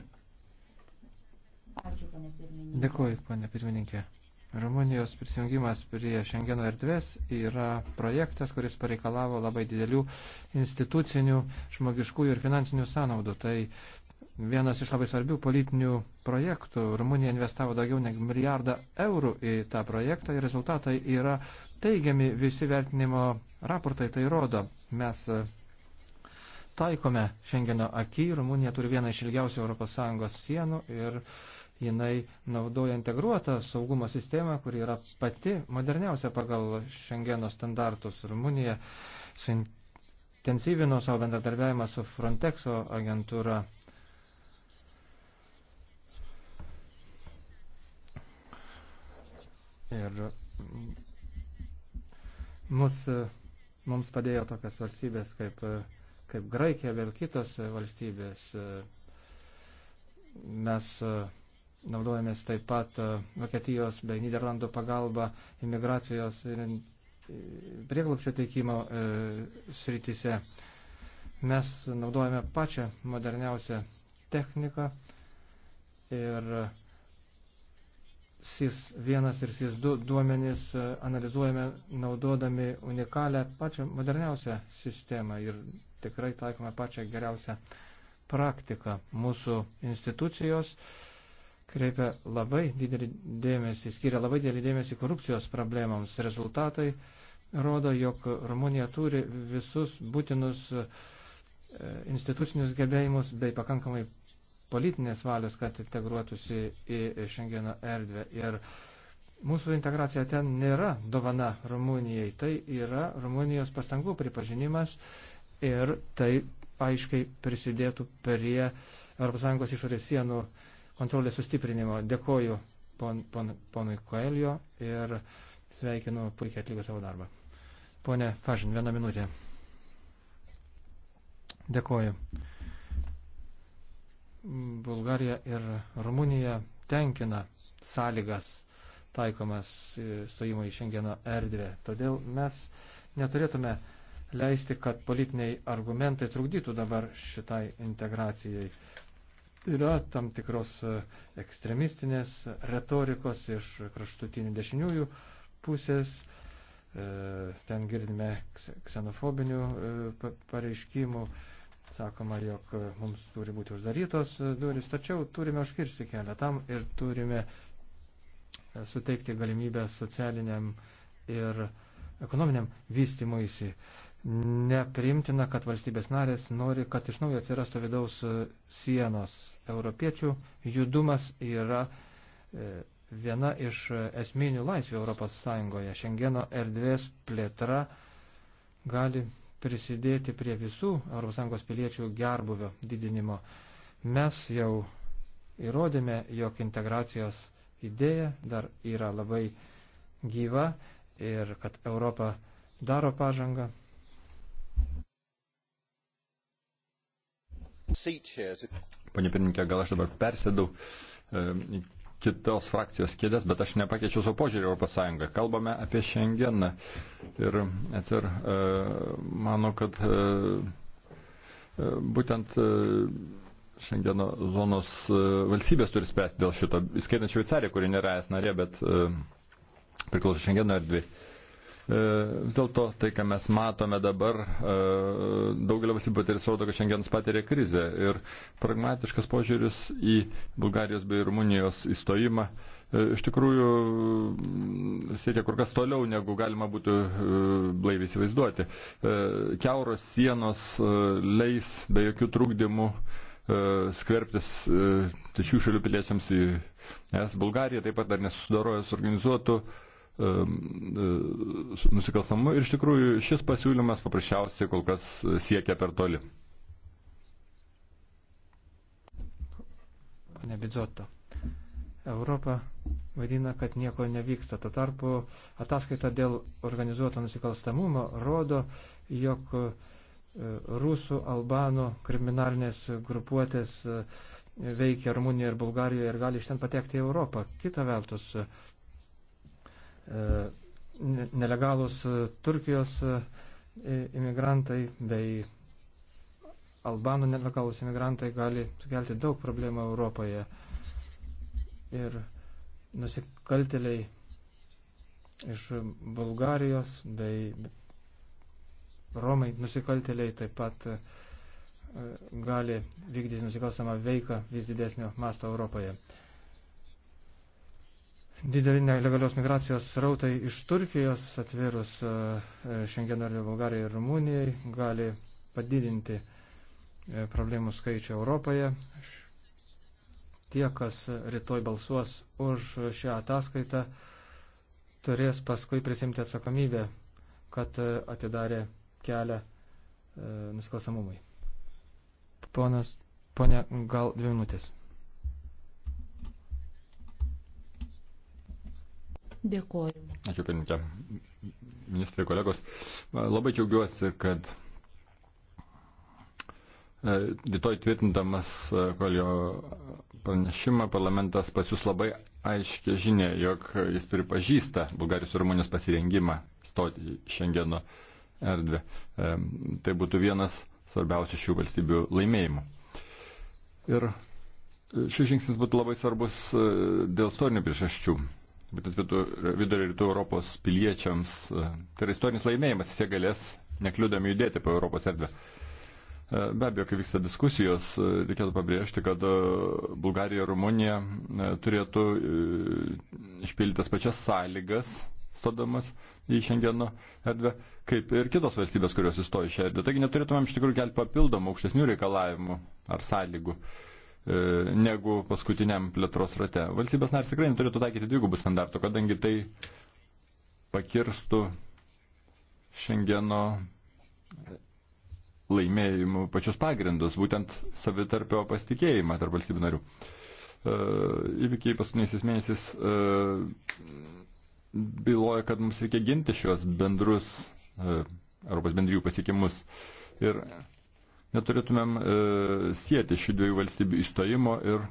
Ačiū, pane pirmininkė. Dėkui,
pane pirmininkė. Rumunijos prisijungimas prie Šengeno erdvės yra projektas, kuris pareikalavo labai didelių institucinių, žmogiškų ir finansinių sąnaudų. Tai vienas iš labai svarbių politinių projektų. Rumunija investavo daugiau negu milijardą eurų į tą projektą ir rezultatai yra teigiami visi vertinimo raportai. Tai rodo, mes e, taikome Šengeno akį, Rumunija turi vieną iš ilgiausių ES sienų ir uh, jinai naudoja integruotą saugumo sistemą, kuri yra pati moderniausia pagal Šengeno standartus. Rumunija suintensyvino savo bendradarbiavimą su Frontexo agentūra. Ir mus, mums padėjo tokias valstybės kaip, kaip Graikija, vėl kitos valstybės. Mes Naudojamės taip pat e, Vokietijos bei Niderlandų pagalba imigracijos ir prieglopščio teikimo e, srityse. Mes naudojame pačią moderniausią techniką ir e, SIS-1 ir SIS-2 duomenys e, analizuojame naudodami unikalią pačią moderniausią sistemą ir tikrai taikome pačią geriausią praktiką. Mūsų institucijos e, kreipia labai didelį dėmesį, skiria labai didelį dėmesį korupcijos problemams. Rezultatai rodo, jog Rumunija turi visus būtinus e, institucinius gebėjimus bei pakankamai politinės valios, kad integruotųsi į Šengeno erdvę. Ir mūsų integracija ten nėra dovana Rumunijai, tai yra Rumunijos pastangų pripažinimas ir tai aiškiai prisidėtų prie ES išorės sienų kontrolės sustiprinimo. Dėkoju pon, pon, ponui Koelio ir sveikinu puikiai atlikus savo darbą. Pone Fažin, vieną minutę. Dėkoju. Bulgarija ir Rumunija tenkina sąlygas taikomas stojimo į šiandieną erdvę. Todėl mes neturėtume leisti, kad politiniai argumentai trukdytų dabar šitai integracijai yra tam tikros e, ekstremistinės retorikos iš kraštutinių dešiniųjų pusės. E, ten girdime ksenofobinių e, pareiškimų. Sakoma, jog mums turi būti uždarytos durys, tačiau turime užkirsti kelią tam ir turime suteikti galimybę socialiniam ir ekonominiam vystimuisi. Uh, Neprimtina, kad valstybės narės nori, kad iš naujo atsirastų vidaus e, sienos. Europiečių judumas yra e, viena iš e, esminių laisvių Europos Sąjungoje. Šengeno erdvės plėtra gali prisidėti prie visų ES piliečių gerbuvio didinimo. Mes jau įrodėme, jog integracijos idėja dar yra labai gyva ir kad Europa daro pažangą,
Pane pirmininkė, gal aš dabar persėdau e, kitos frakcijos kėdės, bet aš nepakeičiau savo požiūrį Europos Sąjungą. Kalbame apie šiandieną. Ir, ir e, manau, kad e, e, būtent e, Šengeno zonos e, valstybės turi spręsti dėl šito, įskaitant Šveicariją, kuri nėra es narė, bet e, priklauso Šengeno erdvė. E, vis dėlto tai, ką mes matome dabar, e, daugelio valstybių patirtis rodo, kad šiandien patiria krizę ir pragmatiškas požiūris į Bulgarijos bei Rumunijos įstojimą e, iš tikrųjų mm, siekia kur kas toliau, negu galima būtų blaiviai įsivaizduoti. Keuros sienos leis be jokių trukdymų skverbtis tešių šalių piliečiams į es. Bulgarija taip pat dar nesusidaroja su organizuotu uh, E, e, nusikalstamu ir iš tikrųjų šis pasiūlymas paprasčiausiai kol kas siekia per toli.
Pane Bidzoto, Europą vadina, kad nieko nevyksta. Tuo tarpu ataskaita dėl organizuoto nusikalstamumo rodo, jog e, rusų, albanų kriminalinės grupuotės veikia Rumunijoje ir Bulgarijoje ir gali iš ten patekti į Europą. Kita veltus, E, nelegalus e, Turkijos e, imigrantai bei Albanų nelegalus imigrantai gali sukelti daug problemų Europoje. Ir nusikaltėliai iš Bulgarijos bei Romai nusikaltėliai taip pat gali vykdyti nusikalstamą veiką vis didesnio masto Europoje dideli nelegalios migracijos rautai iš Turkijos atvirus e, e, šiandien ar Bulgarijai ir Rumunijai gali padidinti e, problemų skaičių Europoje. Tie, kas rytoj balsuos už šią ataskaitą, turės paskui prisimti atsakomybę, kad atidarė kelią nusikalstamumui. Ponas, ponia, gal dvi minutės.
Dėkuoju.
Ačiū, pirmininkė. Ministrai, kolegos, labai džiaugiuosi, kad e, rytoj tvirtindamas e, kolio pranešimą parlamentas pasiūs labai aiškia žinia, jog jis pripažįsta Bulgarijos ir Rumunijos pasirengimą stoti Šengeno erdvę. E, tai būtų vienas svarbiausių šių valstybių laimėjimų. Ir šis žingsnis būtų labai svarbus dėl istorinių priežasčių būtent vidurio rytų Europos piliečiams. E, tai yra istorinis laimėjimas, jie galės nekliūdami judėti po Europos erdvę. E, be abejo, kai vyksta diskusijos, e, reikėtų pabrėžti, kad Bulgarija ir Rumunija turėtų išpildyti tas pačias sąlygas stodamas į Šengeno erdvę, kaip ir kitos valstybės, kurios įstojo į šią erdvę. Taigi neturėtumėm iš tikrųjų kelti papildomų aukštesnių reikalavimų ar sąlygų. Uh, E, negu paskutiniam plėtros rate. Valstybės nars tikrai neturėtų taikyti dvigubų standartų, kadangi tai pakirstų Šengeno laimėjimų pačius pagrindus, būtent savitarpio pasitikėjimą tarp valstybių narių. E, įvykiai paskutiniais mėnesiais e, byloja, kad mums reikia ginti šios bendrus Europos bendrijų pasiekimus. Ir neturėtumėm e, sieti šių dviejų valstybių įstojimo ir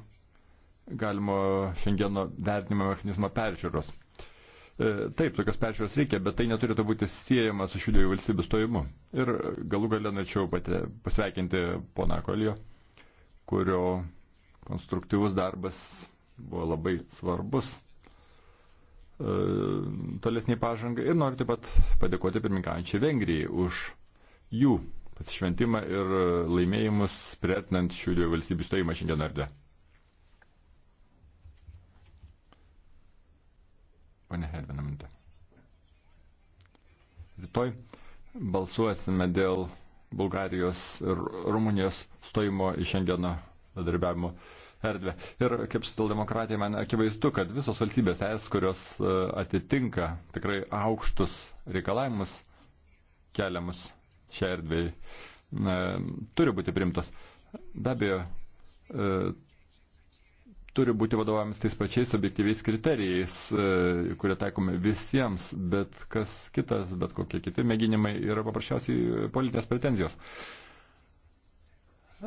galimo šiandieno vertinimo mechanizmo peržiūros. E, taip, tokios peržiūros reikia, bet tai neturėtų būti siejama su šių dviejų valstybių stojimu. Ir galų galę norėčiau pasveikinti poną Kolijo, kurio konstruktyvus darbas buvo labai svarbus e, tolesnį pažangą ir noriu taip pat padėkoti pirmininkaujančiai Vengrijai už jų pasišventimą ir laimėjimus priartinant šių dviejų valstybių stojimą šiandien ardė. Pane Hervina Minta. Rytoj balsuosime dėl Bulgarijos ir Rumunijos stojimo į šiandieno darbiavimo erdvę. Ir kaip socialdemokratija, man akivaizdu, kad visos valstybės es, kurios e, atitinka tikrai aukštus reikalavimus keliamus šią erdvę turi būti primtos. Be abejo, e, turi būti vadovavimas tais pačiais objektyviais kriterijais, e, kurie taikomi visiems, bet kas kitas, bet kokie kiti mėginimai yra paprasčiausiai politinės pretenzijos.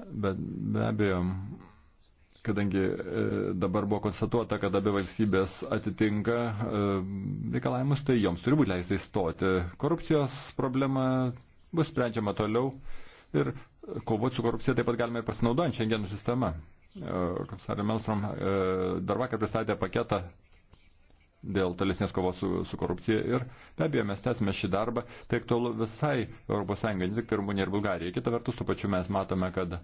Bet be abejo, kadangi e, dabar buvo konstatuota, kad abi valstybės atitinka reikalavimus, tai joms turi būti leista įstoti. Korupcijos problema bus sprendžiama toliau ir kovoti su korupcija taip pat galime ir pasinaudojant šiandienų sistemą. E, komisarė Melstrom e, dar vakar pristatė paketą dėl tolesnės kovos su, su korupcija ir be abejo mes tęsime šį darbą, tai aktualu visai ES, ne tik tai Rumunija ir Bulgarija. Kita vertus, tuo pačiu mes matome, kad e,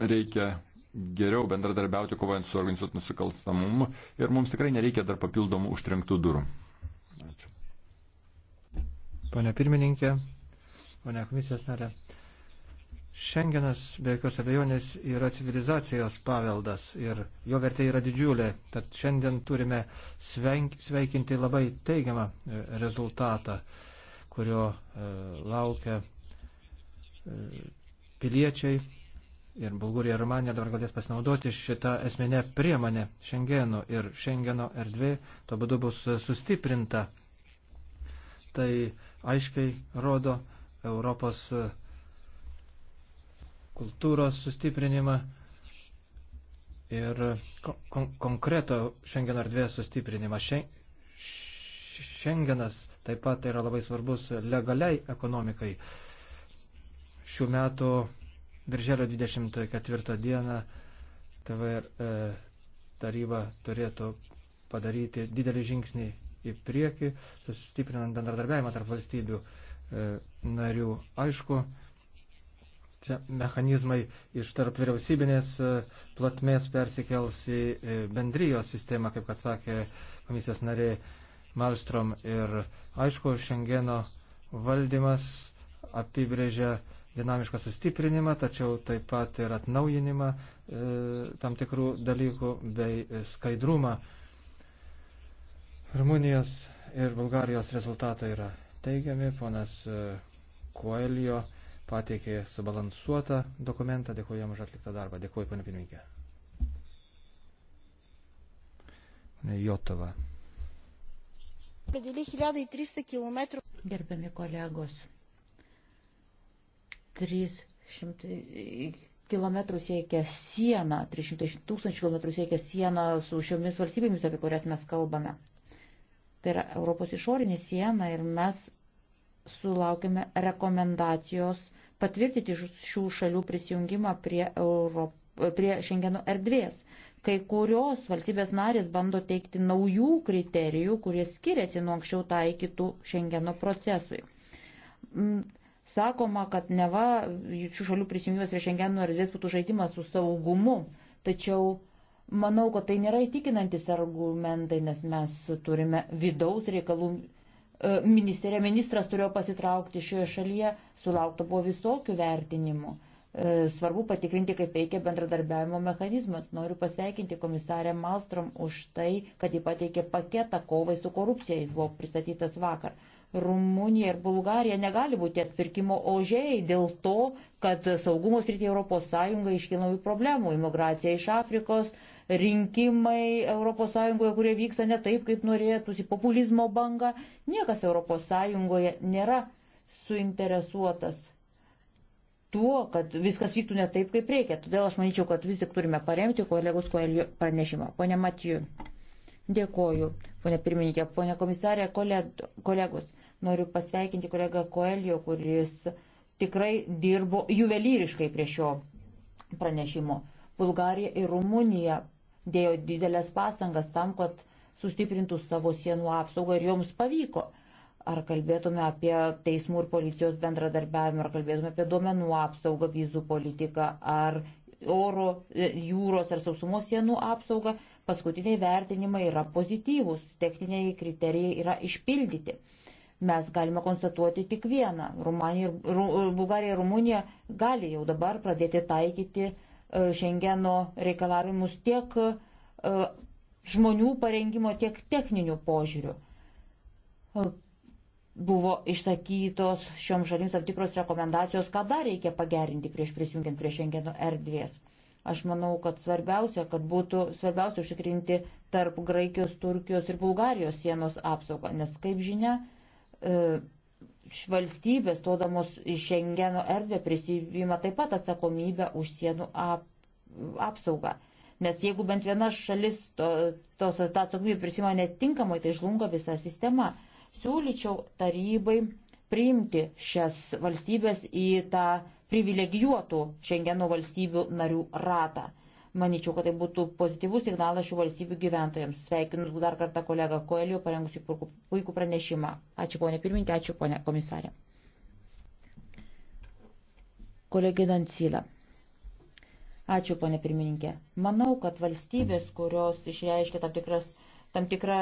reikia geriau bendradarbiauti kovojant su organizuotų nusikalstamumu ir mums tikrai nereikia dar papildomų užtrenktų durų.
Pone pirmininkė, pone komisijos narė. Šengenas be jokios abejonės yra civilizacijos paveldas ir jo vertė yra didžiulė. Tad šiandien turime sveikinti labai teigiamą e, rezultatą, kurio e, laukia e, piliečiai ir Bulgarija ir Rumanija dabar galės pasinaudoti šitą esminę priemonę Šengeno ir Šengeno erdvė, to būdu bus sustiprinta tai aiškiai rodo Europos e, kultūros sustiprinimą ir kon konkreto Šengeno erdvės sustiprinimą. Šengenas taip pat yra labai svarbus legaliai ekonomikai. Šių metų Birželio 24 dieną TVR e, taryba turėtų padaryti didelį žingsnį į priekį, sustiprinant bendradarbiavimą tarp valstybių e, narių. Aišku, čia mechanizmai iš tarp vyriausybinės e, platmės persikels į e, bendrijos sistemą, kaip kad sakė komisijos narė Malstrom. Ir aišku, Šengeno valdymas apibrėžia dinamišką sustiprinimą, tačiau taip pat ir atnaujinimą e, tam tikrų dalykų bei skaidrumą Rumunijos ir Bulgarijos rezultatai yra teigiami. Ponas e, Koelio pateikė subalansuotą dokumentą. Dėkuoju jam už atliktą darbą. Dėkuoju, pane pirmininkė. Jotova.
Gerbiami kolegos, 300 km siekia siena, 300 tūkstančių km siekia siena su šiomis valstybėmis, apie kurias mes kalbame. Tai yra Europos išorinė siena ir mes sulaukime rekomendacijos patvirtinti šių šalių prisijungimą prie, Euro, prie Šengeno erdvės. Kai kurios valstybės narės bando teikti naujų kriterijų, kurie skiriasi nuo anksčiau taikytų Šengeno procesui. Mm, sakoma, kad neva šių šalių prisijungimas prie Šengeno erdvės būtų žaidimas su saugumu, tačiau Manau, kad tai nėra įtikinantis argumentai, nes mes turime vidaus reikalų e, ministeriją. Ministras turėjo pasitraukti šioje šalyje, sulaukta buvo visokių vertinimų. E, svarbu patikrinti, kaip veikia bendradarbiavimo mechanizmas. Noriu pasveikinti komisarę Malstrom už tai, kad ji pateikė paketą kovai su korupcija. Jis buvo pristatytas vakar. Rumunija ir Bulgarija negali būti atpirkimo ožėjai dėl to, kad saugumo srityje ES iškilo problemų. Imigracija iš Afrikos, uh, rinkimai ES, kurie vyksta ne taip, kaip norėtųsi, populizmo banga. Niekas ES nėra suinteresuotas tuo, kad viskas vyktų ne taip, kaip reikia. Todėl aš manyčiau, kad vis tik turime paremti kolegos Koelio pranešimą. Pone Matiju, dėkoju. Pone pirmininkė, pone komisarė, kolegos, noriu pasveikinti kolegą Koelio, kuris tikrai dirbo juvelyriškai prie šio pranešimo. Bulgarija ir Rumunija dėjo didelės pastangas tam, kad sustiprintų savo sienų apsaugą ir joms pavyko. Ar kalbėtume apie teismų ir policijos bendradarbiavimą, ar kalbėtume apie duomenų apsaugą, vizų politiką, ar oro, e, jūros ar sausumos sienų apsaugą, paskutiniai vertinimai yra pozityvūs, techniniai kriterijai yra išpildyti. Mes galime konstatuoti tik vieną. Rumanija, Ru, Bulgarija ir Rumunija gali jau dabar pradėti taikyti uh, E, Šengeno reikalavimus tiek e, žmonių parengimo, tiek techninių požiūrių. E, buvo išsakytos šiom šalims tam tikros rekomendacijos, ką dar reikia pagerinti prieš prisijungiant prie Šengeno erdvės. Aš manau, kad svarbiausia, kad būtų svarbiausia užtikrinti tarp Graikijos, Turkijos ir Bulgarijos sienos apsaugą, nes, kaip žinia, e, valstybės, stodamos į Šengeno erdvę, prisijima taip pat atsakomybę už sienų ap, apsaugą. Nes jeigu bent viena šalis to, tos tą atsakomybę prisima netinkamai, tai žlunga visa sistema. Siūlyčiau tarybai priimti šias valstybės į tą privilegijuotų Šengeno valstybių narių ratą. Maničiau, kad tai būtų pozityvus signalas šių valstybių gyventojams. Sveikinu dar kartą kolegą Koelio, parengusi puikų pranešimą. Ačiū ponė pirmininkė, ačiū ponė komisarė. Kolegė Dancylė. Ačiū ponė pirmininkė. Manau, kad valstybės, kurios išreiškia tam tikras tam tikrą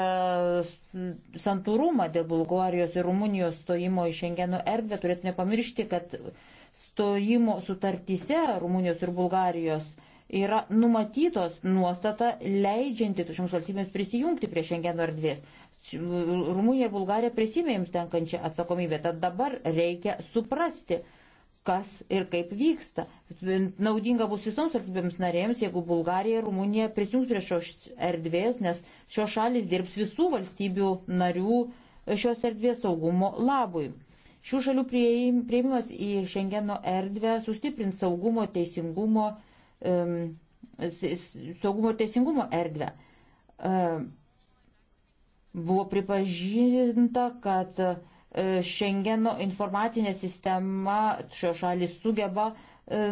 santūrumą dėl Bulgarijos ir Rumunijos stojimo į Šengeno erdvę, turėtų nepamiršti, kad stojimo sutartyse Rumunijos ir Bulgarijos yra numatytos nuostata leidžianti šioms valstybėms prisijungti prie Schengeno erdvės. Rumunija ir Bulgarija prisimė jums tenkančią atsakomybę, tad dabar reikia suprasti, kas ir kaip vyksta. Naudinga bus visoms valstybėms narėms, jeigu Bulgarija ir Rumunija prisijungs prie šios erdvės, nes šios šalis dirbs visų valstybių narių šios erdvės saugumo labui. Šių šalių prieimimas į Šengeno erdvę sustiprins saugumo, teisingumo, saugumo ir teisingumo erdvę. E, buvo pripažinta, kad e, Šengeno informacinė sistema šio šalis sugeba e,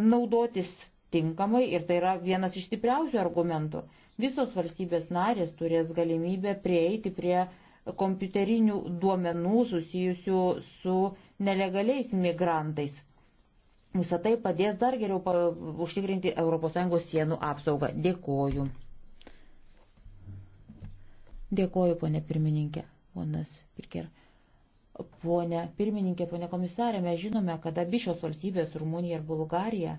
naudotis tinkamai ir tai yra vienas iš stipriausių argumentų. Visos valstybės narės turės galimybę prieiti prie kompiuterinių duomenų susijusių su nelegaliais migrantais. Visą tai padės dar geriau pa, užtikrinti ES sienų apsaugą. Dėkoju. Dėkoju, ponė pirmininkė. Ponas Pirker. Pone pirmininkė, ponė komisarė, mes žinome, kad abi šios valstybės, Rumunija ir Bulgarija,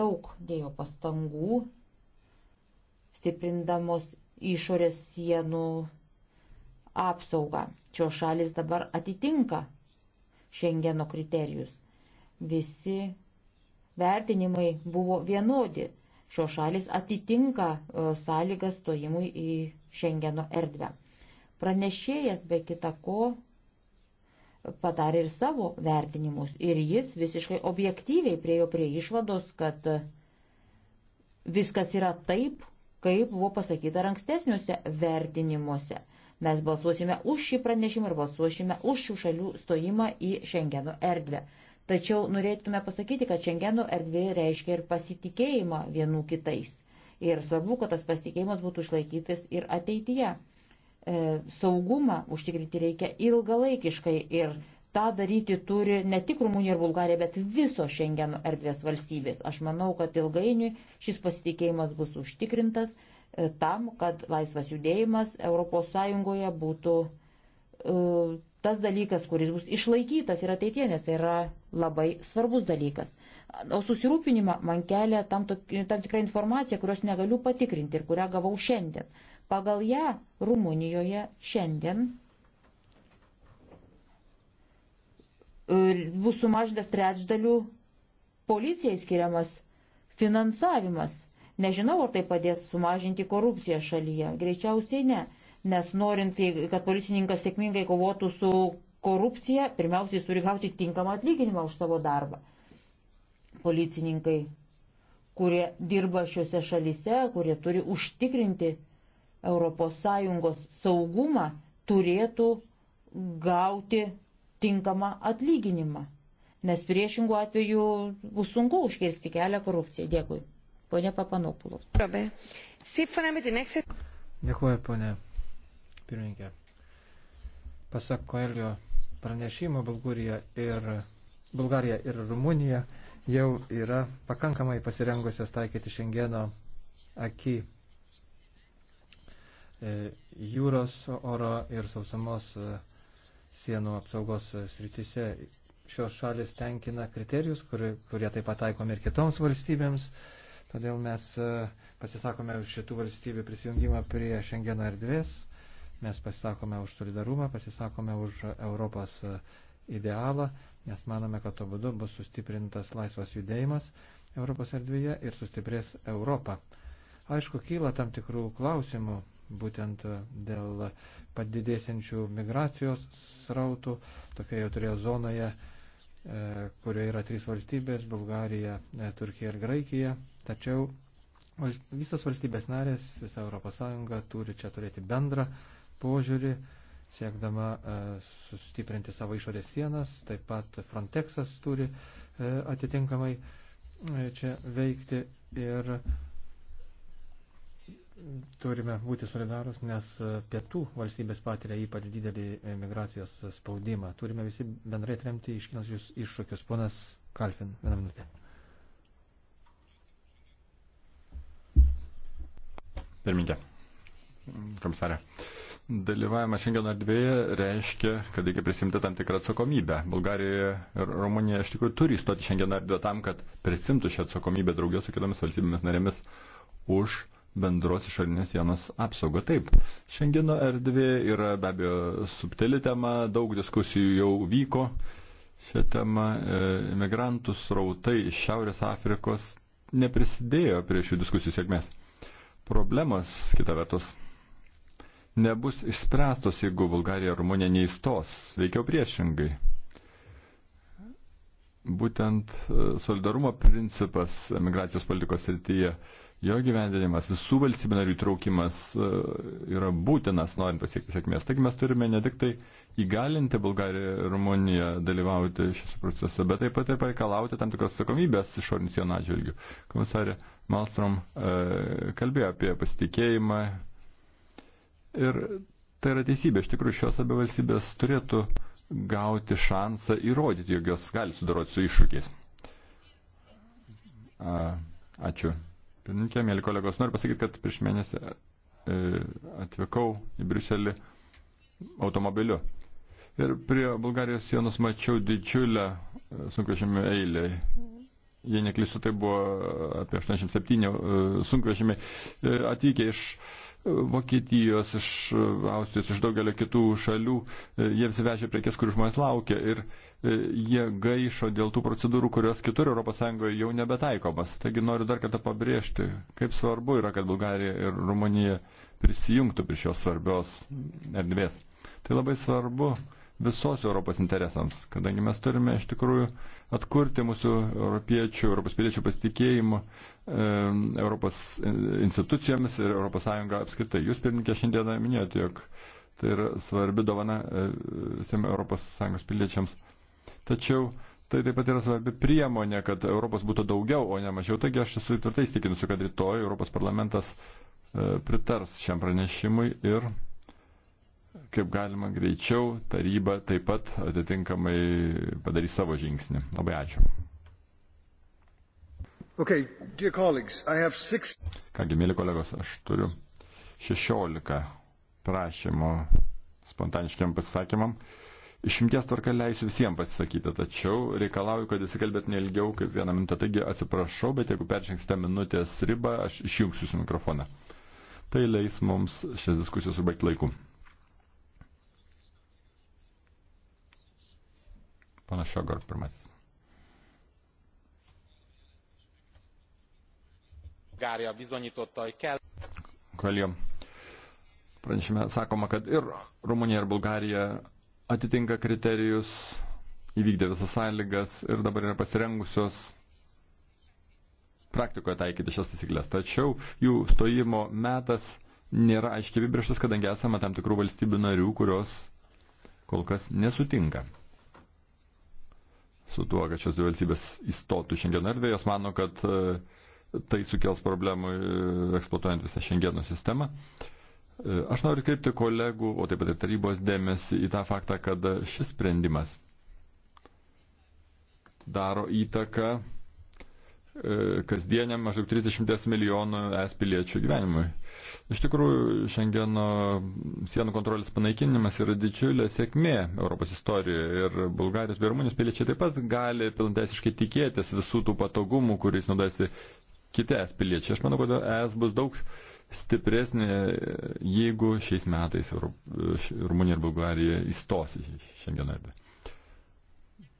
daug dėjo pastangų stiprindamos išorės sienų apsaugą. Šios šalis dabar atitinka Šengeno kriterijus visi vertinimai buvo vienodi. Šios šalis atitinka e, sąlygas stojimui į Šengeno erdvę. Pranešėjas be kita ko padarė ir savo vertinimus ir jis visiškai objektyviai priejo prie išvados, kad viskas yra taip, kaip buvo pasakyta ankstesniuose vertinimuose. Mes balsuosime už šį pranešimą ir balsuosime už šių šalių stojimą į Šengeno erdvę. Tačiau norėtume pasakyti, kad Šengeno erdvė reiškia ir pasitikėjimą vienų kitais. Ir svarbu, kad tas pasitikėjimas būtų išlaikytas ir ateityje. E, saugumą užtikrinti reikia ilgalaikiškai ir tą daryti turi ne tik Rumunija ir Bulgarija, bet viso Šengeno erdvės valstybės. Aš manau, kad ilgainiui šis pasitikėjimas bus užtikrintas e, tam, kad laisvas judėjimas ES būtų e, tas dalykas, kuris bus išlaikytas ir ateitie, nes tai yra labai svarbus dalykas. O susirūpinimą man kelia tam, tok, tam tikra informacija, kurios negaliu patikrinti ir kurią gavau šiandien. Pagal ją Rumunijoje šiandien e, bus sumažintas trečdalių policijai skiriamas finansavimas. Nežinau, ar tai padės sumažinti korupciją šalyje. Greičiausiai ne nes norint, kad policininkas sėkmingai kovotų su korupcija, pirmiausiai jis turi gauti tinkamą atlyginimą už savo darbą. Policininkai, kurie dirba šiuose šalise, kurie turi užtikrinti ES saugumą, turėtų gauti tinkamą atlyginimą. Nes priešingų atveju bus sunku užkirsti kelią korupcijai. Dėkui. Pone Papanopulos.
Dėkuoju, ponė pirmininkė. Pasak Koelio pranešimo Bulgarija ir, Bulgarija ir Rumunija jau yra pakankamai pasirengusios taikyti Šengeno akį e, jūros, oro ir sausumos e, sienų apsaugos srityse. Šios šalis tenkina kriterijus, kuri, kurie taip pat taikomi ir kitoms valstybėms. Todėl mes e, pasisakome už šitų valstybių prisijungimą prie Šengeno erdvės. Mes pasisakome už solidarumą, pasisakome už Europos idealą, nes manome, kad to būdu bus sustiprintas laisvas judėjimas Europos erdvėje ir sustiprės Europą. Aišku, kyla tam tikrų klausimų, būtent dėl padidėsiančių migracijos srautų, tokioje jautrioje zonoje, e, kurioje yra trys valstybės - Bulgarija, e, Turkija ir Graikija. Tačiau visos valstybės narės, visa ES turi čia turėti bendrą požiūrį, siekdama e, sustiprinti savo išorės sienas, taip pat Frontexas turi e, atitinkamai e, čia veikti ir turime būti solidarus, nes pietų valstybės patiria ypač didelį migracijos spaudimą. Turime visi bendrai tremti iškilančius iššūkius. Ponas Kalfin, vieną minutę.
Pirmininkė, komisarė dalyvavimas šiandien erdvėje reiškia, kad reikia prisimti tam tikrą atsakomybę. Bulgarija ir Rumunija iš tikrųjų turi įstoti šiandien erdvę tam, kad prisimtų šią atsakomybę draugės su kitomis valstybėmis narėmis už bendros išorinės sienos apsaugą. Taip, šiandieno erdvė yra be abejo subtili tema, daug diskusijų jau vyko šią temą. E, imigrantų srautai iš Šiaurės Afrikos neprisidėjo prie šių diskusijų sėkmės. Problemas, kita vertus, nebus išspręstos, jeigu Bulgarija ir Rumunija neįstos. Veikiau priešingai. Būtent e, solidarumo principas migracijos politikos srityje, jo gyvendinimas, visų valstybių narių įtraukimas e, yra būtinas, norint pasiekti sėkmės. Taigi mes turime ne tik tai įgalinti Bulgariją ir Rumuniją dalyvauti šiuose procesuose, bet taip pat ir pareikalauti tam tikros atsakomybės išorinių sienų atžvilgių. Komisarė Malstrom e, kalbėjo apie pasitikėjimą, Ir tai yra teisybė. Iš tikrųjų, šios abi valstybės turėtų gauti šansą įrodyti, jog jos gali sudaroti su iššūkiais. Ačiū. Pirmininkė, mėly kolegos, noriu pasakyti, kad prieš mėnesį e, atvykau į Briuselį automobiliu. Ir prie Bulgarijos sienos mačiau didžiulę e, sunkvežimių eilę. Jei neklystu, tai buvo apie 87 e, sunkvežimiai atvykę iš uh, Vokietijos, iš Austrijos, iš daugelio kitų šalių. E, jie visi vežė prekes, kurių žmonės laukia ir e, jie gaišo dėl tų procedūrų, kurios kitur ES jau nebetaikomas. Taigi noriu dar kartą pabrėžti, kaip svarbu yra, kad Bulgarija ir Rumunija prisijungtų prie šios svarbios erdvės. Tai labai svarbu visos Europos interesams, kadangi mes turime iš tikrųjų atkurti mūsų europiečių, Europos piliečių pasitikėjimą Europos e, institucijomis ir Europos Sąjunga apskritai. Jūs pirmininkė šiandieną minėjote, jog tai yra svarbi dovana e, visiems Europos Sąjungos piliečiams. Tačiau tai taip pat yra svarbi priemonė, kad Europos būtų daugiau, o ne mažiau. Taigi aš esu tvirtai įstikinusi, kad rytoj Europos parlamentas e, pritars šiam pranešimui ir kaip galima greičiau taryba taip pat atitinkamai padarys savo žingsnį. Labai ačiū. Okay, six... Kągi, mėly kolegos, aš turiu 16 prašymų spontaniškiam pasisakymam. Išimties tvarka leisiu visiems pasisakyti, tačiau reikalauju, kad visi kalbėt neilgiau kaip vieną minutę. Taigi atsiprašau, bet jeigu peržengsite minutės ribą, aš išjungsiu jūsų mikrofoną. Tai leis mums šias diskusijas užbaigti laiku. Pana Šogar pirmasis. Bulgárija bizonyította, hogy kell. Kolio. Pranešime sakoma, kad ir Rumunija, ir Bulgarija atitinka kriterijus, įvykdė visas sąlygas ir dabar yra pasirengusios praktikoje taikyti šias taisyklės. Tačiau jų stojimo metas nėra aiškiai apibrieštas, kadangi esame tam tikrų valstybių narių, kurios kol kas nesutinka su tuo, kad šios dvi valstybės įstotų šiandien erdvė, jos mano, kad e, tai sukels problemų e, eksploatuojant visą šiandieno sistemą. E, aš noriu kreipti kolegų, o taip pat ir tarybos dėmesį į tą faktą, kad šis sprendimas daro įtaką kasdieniam maždaug 30 milijonų es piliečių gyvenimui. Iš tikrųjų, Šengeno sienų kontrolės panaikinimas yra didžiulė sėkmė Europos istorijoje ir Bulgarijos bei Rumunijos piliečiai taip pat gali pilnteisiškai tikėtis visų tų patogumų, kuriais naudasi kiti es piliečiai. Aš manau, kad es bus daug stipresnė, jeigu šiais metais Rumunija ir Bulgarija įstos į Šengeno erdvę.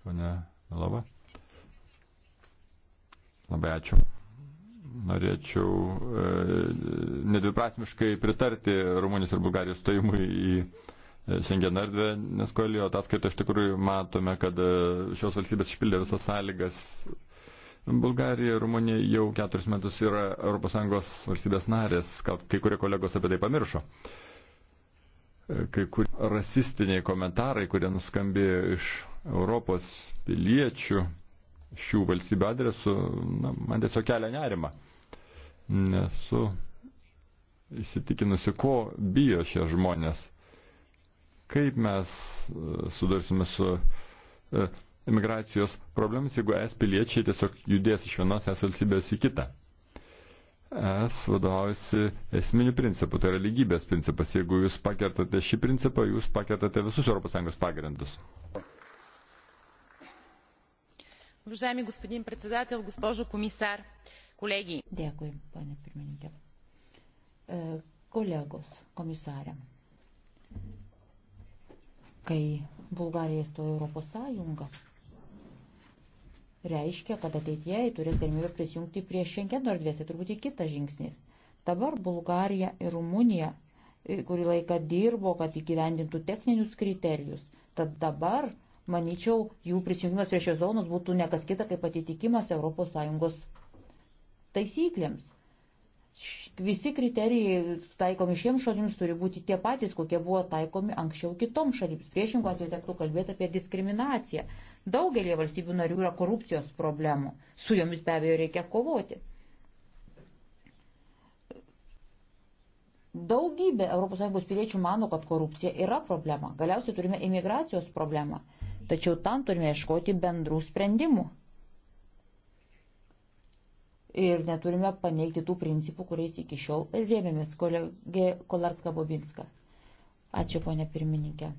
Pone Lava. Labai ačiū norėčiau e, nedviprasmiškai pritarti Rumunijos ir Bulgarijos stojimui į Šengeno e, erdvę, nes koelio ataskaitą iš tikrųjų matome, kad e, šios valstybės išpildė visas sąlygas. Bulgarija ir Rumunija jau keturis metus yra ES valstybės narės, gal kai kurie kolegos apie tai pamiršo. E, kai kur rasistiniai komentarai, kurie nuskambėjo iš Europos piliečių šių valstybių adresų, na, man tiesiog kelia nerima nesu įsitikinusi, ko bijo šie žmonės. Kaip mes e, sudarsime su e, imigracijos problemas, jeigu es piliečiai tiesiog judės iš vienos es valstybės į kitą. Es vadovaujasi esminiu principu, tai yra lygybės principas. Jeigu jūs pakertate šį principą, jūs pakertate visus ES pagrindus.
Уважаеми
господин председател, госпожо комисар, Колеги. Dėkui, panė pirmininkė. E, kolegos, komisarė. Kai Bulgarija įstojo Europos Sąjungą, reiškia, kad ateityje jį turės galimybę prisijungti prie Šengeno erdvės, tai turbūt į kitas žingsnis. Dabar Bulgarija ir Rumunija kurį laiką dirbo, kad įgyvendintų techninius kriterijus. Tad dabar, manyčiau, jų prisijungimas prie šios zonos būtų nekas kita kaip atitikimas ES taisyklėms. Visi kriterijai taikomi šiems šalims turi būti tie patys, kokie buvo taikomi anksčiau kitoms šalims. Priešingų atveju tektų kalbėti apie diskriminaciją. Daugelie valstybių narių yra korupcijos problemų. Su jomis be abejo reikia kovoti. Daugybė ES piliečių mano, kad korupcija yra problema. Galiausiai turime imigracijos problemą. Tačiau tam turime ieškoti bendrų sprendimų ir neturime paneigti tų principų, kuriais iki šiol rėmėmės, kolegė Kolarska Bobinska. Ačiū, ponė pirmininkė.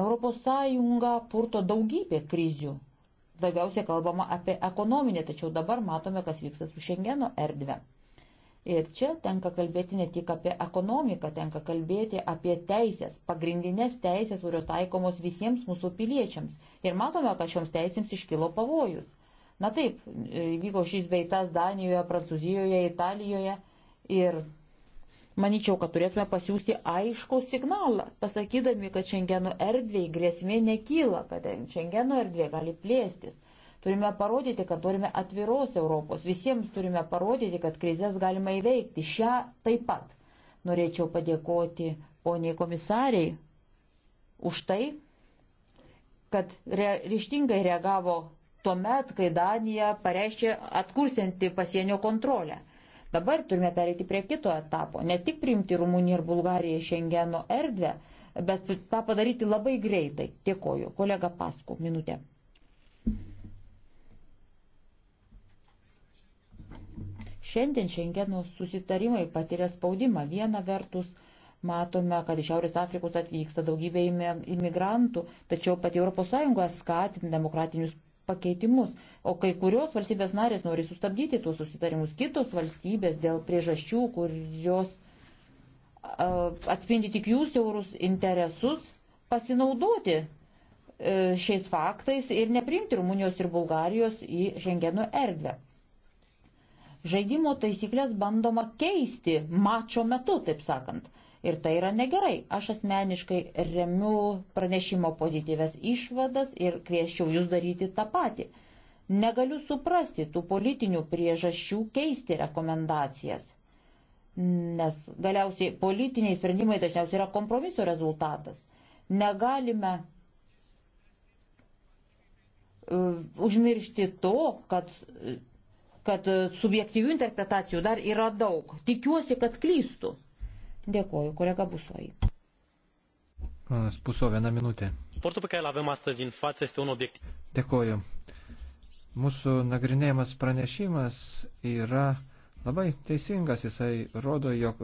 Europos Sąjunga purto daugybė krizių. Daugiausia kalbama apie ekonominę, tačiau dabar matome, kas vyksta su Šengeno erdve. Ir čia tenka kalbėti ne tik apie ekonomiką, tenka kalbėti apie teisės, pagrindinės teisės, kurios taikomos visiems mūsų piliečiams. Ir matome, kad šioms teisėms iškilo pavojus. Na taip, vyko šis beitas Danijoje, Prancūzijoje, Italijoje ir manyčiau, kad turėtume pasiūsti aišku signalą, pasakydami, kad Šengeno erdvėje grėsmė nekyla, kad Šengeno erdvė gali plėstis. Turime parodyti, kad turime atviros Europos, visiems turime parodyti, kad krizės galima įveikti. Šią taip pat norėčiau padėkoti poniai komisariai už tai, kad re, ryštingai reagavo tuo met, kai Danija pareiškė atkursinti pasienio kontrolę. Dabar turime pereiti prie kito etapo, ne tik priimti Rumuniją ir Bulgariją į Šengeno erdvę, bet tą padaryti labai greitai. Dėkoju. Kolega Pasko, minutė. Šiandien Šengeno susitarimai patiria spaudimą. Viena vertus matome, kad iš Šiaurės Afrikos atvyksta daugybė imigrantų, tačiau pati ES skatina demokratinius pakeitimus, o kai kurios valstybės narės nori sustabdyti tuos susitarimus, kitos valstybės dėl priežasčių, kurios atspindi tik jų siaurus interesus, pasinaudoti e, šiais faktais ir neprimti Rumunijos ir Bulgarijos į Šengeno erdvę. Žaidimo taisyklės bandoma keisti mačo metu, taip sakant. Ir tai yra negerai. Aš asmeniškai remiu pranešimo pozityves išvadas ir kvieščiau jūs daryti tą patį. Negaliu suprasti tų politinių priežasčių keisti rekomendacijas. Nes galiausiai politiniai sprendimai dažniausiai yra kompromiso rezultatas. Negalime e, užmiršti to, kad, kad subjektyvių interpretacijų dar yra daug. Tikiuosi, kad klystu. Dėkoju, kolega Busoji.
Panas Puso, viena minutė. Dėkoju. Mūsų nagrinėjimas pranešimas yra labai teisingas. Jisai rodo, jog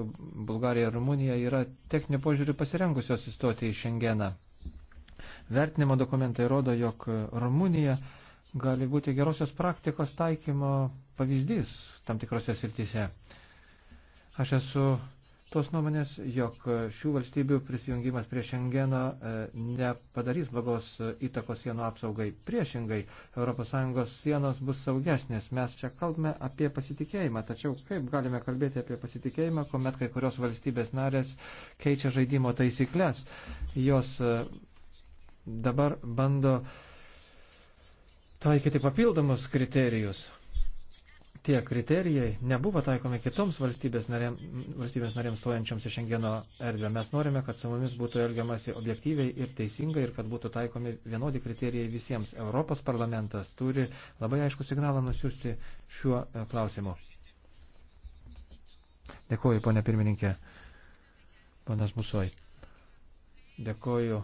Bulgarija ir Rumunija yra techninio požiūrių pasirengusios įstoti į Šengeną. Vertinimo dokumentai rodo, jog Rumunija gali būti gerosios praktikos taikymo pavyzdys tam tikrose srityse. Aš esu tos nuomonės, jog šių valstybių prisijungimas prie Šengeno e, nepadarys blogos e, įtakos sienų apsaugai. Priešingai, ES sienos bus saugesnės. Mes čia kalbame apie pasitikėjimą, tačiau kaip galime kalbėti apie pasitikėjimą, kuomet kai kurios valstybės narės keičia žaidimo taisyklės. Jos e, dabar bando taikyti papildomus kriterijus tie kriterijai nebuvo taikomi kitoms valstybės, narėm, valstybės narėms stojančioms į Šengeno erdvę. Mes norime, kad su mumis būtų elgiamasi objektyviai ir teisingai ir kad būtų taikomi vienodi kriterijai visiems. Europos parlamentas turi labai aišku signalą nusiųsti šiuo e, klausimu. Dėkuoju, ponė pirmininkė. Ponas Musoj. Dėkuoju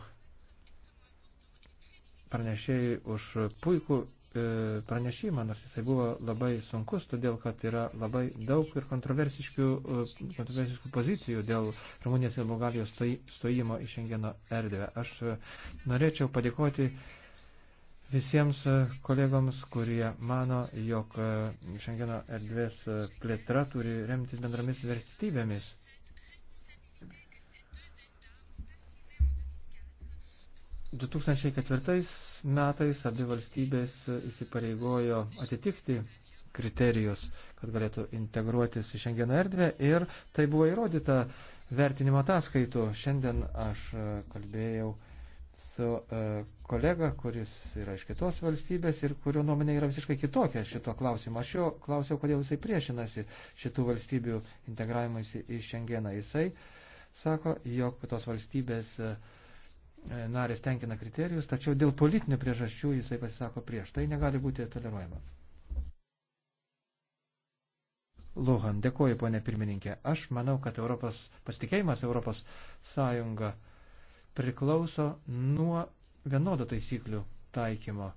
pranešėjai už puikų E, pranešimą, nors jisai buvo labai sunkus, todėl kad yra labai daug ir kontroversiškų, e, kontroversiškų pozicijų dėl Rumunijos ir Bulgarijos stojimo į Šengeno erdvę. Aš e, norėčiau padėkoti visiems kolegoms, kurie mano, jog Šengeno erdvės plėtra turi remtis bendromis vertybėmis. 2004 metais abi valstybės įsipareigojo atitikti kriterijus, kad galėtų integruotis į šiandieną erdvę ir tai buvo įrodyta vertinimo ataskaitų. Šiandien aš e, kalbėjau su e, kolega, kuris yra iš kitos valstybės ir kurio nuomonė yra visiškai kitokia šito klausimo. Aš jo klausiau, kodėl jisai priešinasi šitų valstybių integravimuisi į šiandieną. Jisai sako, jog tos valstybės uh, E, narės tenkina kriterijus, tačiau dėl politinių priežasčių jisai pasisako prieš. Tai negali būti toleruojama. Luhan, dėkoju, ponė pirmininkė. Aš manau, kad Europos pasitikėjimas Europos Sąjunga priklauso nuo vienodo taisyklių taikymo.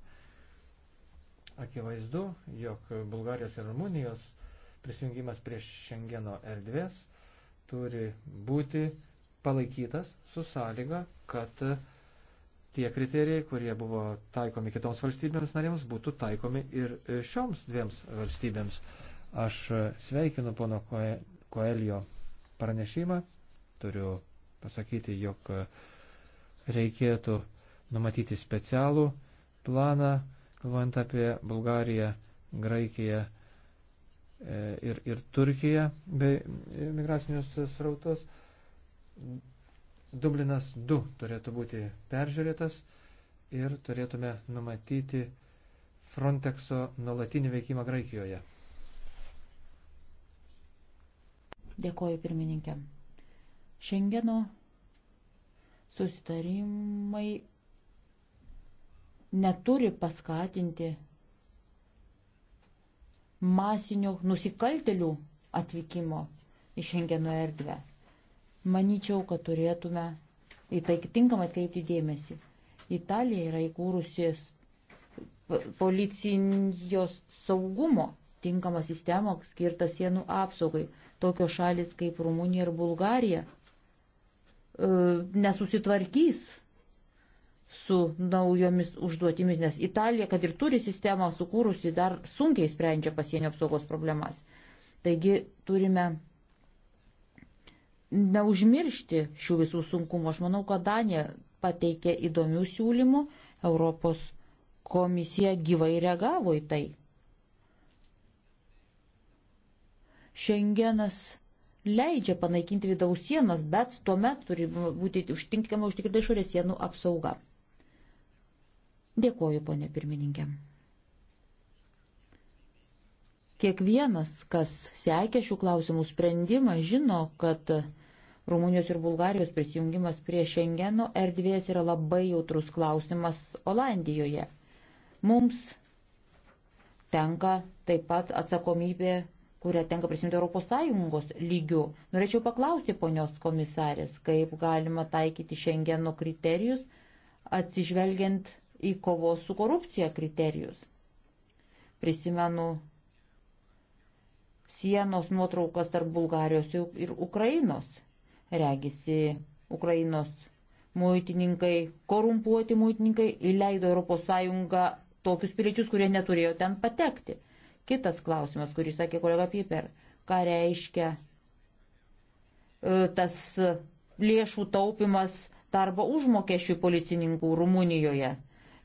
Akivaizdu, jog Bulgarijos ir Rumunijos prisijungimas prie Šengeno erdvės turi būti palaikytas su sąlyga, kad tie kriterijai, kurie buvo taikomi kitoms valstybėms narėms, būtų taikomi ir šioms dviems valstybėms. Aš sveikinu pono Koelio pranešimą. Turiu pasakyti, jog reikėtų numatyti specialų planą, kalbant apie Bulgariją, Graikiją e, ir, ir Turkiją bei migracinius srautus. Dublinas 2 turėtų būti peržiūrėtas ir turėtume numatyti Frontexo nuolatinį veikimą Graikijoje.
Dėkoju pirmininkė. Šengeno susitarimai neturi paskatinti masinių nusikaltelių atvykimo į Šengeno erdvę. Maničiau, kad turėtume į tai tinkamai atkreipti dėmesį. Italija yra įkūrusi policijos saugumo tinkamą sistemą skirtą sienų apsaugai. Tokios šalis kaip Rumunija ir Bulgarija e, nesusitvarkys su naujomis užduotimis, nes Italija, kad ir turi sistemą sukūrusi, dar sunkiai sprendžia pasienio apsaugos problemas. Taigi turime neužmiršti šių visų sunkumų. Aš manau, kad Danija pateikė įdomių siūlymų, Europos komisija gyvai reagavo į tai. Šengenas leidžia panaikinti vidaus sienas, bet tuomet turi būti užtinkama užtikrinta išorės sienų apsauga. Dėkoju, ponė pirmininkė. Kiekvienas, kas sekė šių klausimų sprendimą, žino, kad Rumunijos ir Bulgarijos prisijungimas prie Šengeno erdvės yra labai jautrus klausimas Olandijoje. Mums tenka taip pat atsakomybė, kurią tenka prisimti ES lygių. Norėčiau paklausti ponios komisarės, kaip galima taikyti Šengeno kriterijus, atsižvelgiant į kovos su korupcija kriterijus. Prisimenu sienos nuotraukas tarp Bulgarijos ir Ukrainos Regisi Ukrainos muitininkai, korumpuoti muitininkai įleido ES tokius piliečius, kurie neturėjo ten patekti. Kitas klausimas, kurį sakė kolega Piper, ką reiškia e, tas lėšų taupimas darbo užmokesčių policininkų Rumunijoje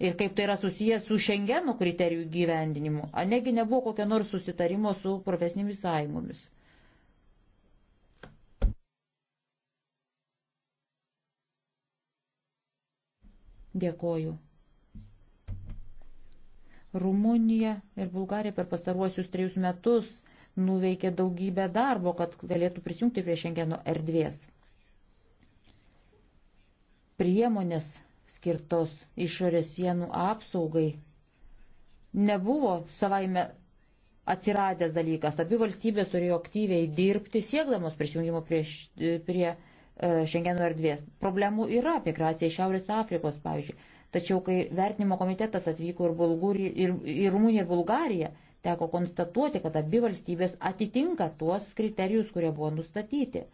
ir kaip tai yra susijęs su Šengeno kriterijų gyvendinimu, anegi nebuvo kokio nors susitarimo su profesinėmis sąjungomis. Dėkoju. Rumunija ir Bulgarija per pastaruosius trejus metus nuveikė daugybę darbo, kad galėtų prisijungti prie šengeno erdvės. Priemonės skirtos išorės sienų apsaugai nebuvo savaime atsiradęs dalykas. Abi valstybės turėjo aktyviai dirbti, siekdamos prisijungimo prie, prie E, Šengeno erdvės. Problemų yra migracija iš Šiaurės Afrikos, pavyzdžiui. Tačiau, kai vertinimo komitetas atvyko ir, Bulgurį, ir, ir Rumuniją, ir Bulgariją, teko konstatuoti, kad abi valstybės atitinka tuos kriterijus, kurie buvo nustatyti.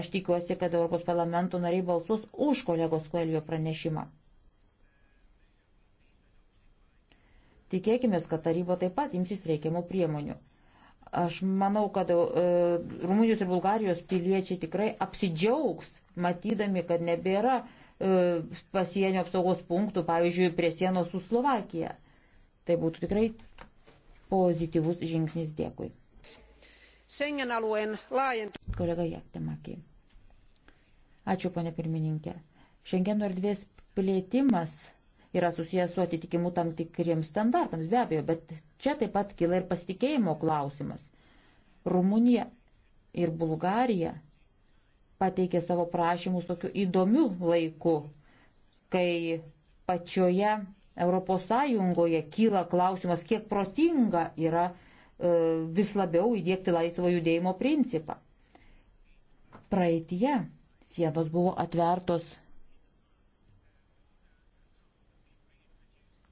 Aš tikiuosi, kad Europos parlamento nariai balsuos už kolegos Koelio pranešimą. Tikėkime, kad taryba taip pat imsis reikiamų priemonių. Aš manau, kad e, Rumunijos ir Bulgarijos piliečiai tikrai apsidžiaugs, matydami, kad nebėra e, pasienio apsaugos punktų, pavyzdžiui, prie sienos su Slovakija. Tai būtų tikrai pozityvus žingsnis. Dėkui.
Schengen alueen laajentuminen.
Kolega Jaktemaki. Ačiū, ponė pirmininkė. Šengeno erdvės plėtimas yra susijęs su atitikimu tam tikriems standartams, be abejo, bet čia taip pat kyla ir pasitikėjimo klausimas. Rumunija ir Bulgarija pateikė savo prašymus tokiu įdomiu laiku, kai pačioje ES kyla klausimas, kiek protinga yra e, vis labiau įdėkti laisvo judėjimo principą. Praeitie sienos buvo atvertos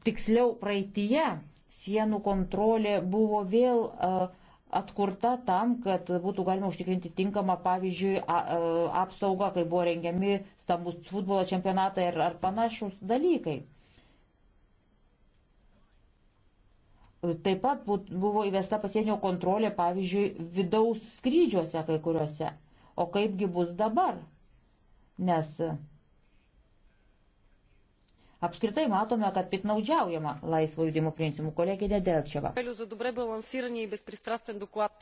tiksliau praeitie sienų kontrolė buvo vėl atkurta tam, kad būtų galima užtikrinti tinkamą, pavyzdžiui, apsaugą, kai buvo rengiami stambus futbolo čempionatai ar, ar panašus dalykai. Taip pat buvo įvesta pasienio kontrolė, pavyzdžiui, vidaus skrydžiuose kai kuriuose. O kaipgi bus dabar? Nes Apskritai matome, kad piknaudžiaujama laisvo judimo principų. Kolegė Деделчева.
за добре балансирания и безпристрастен доклад.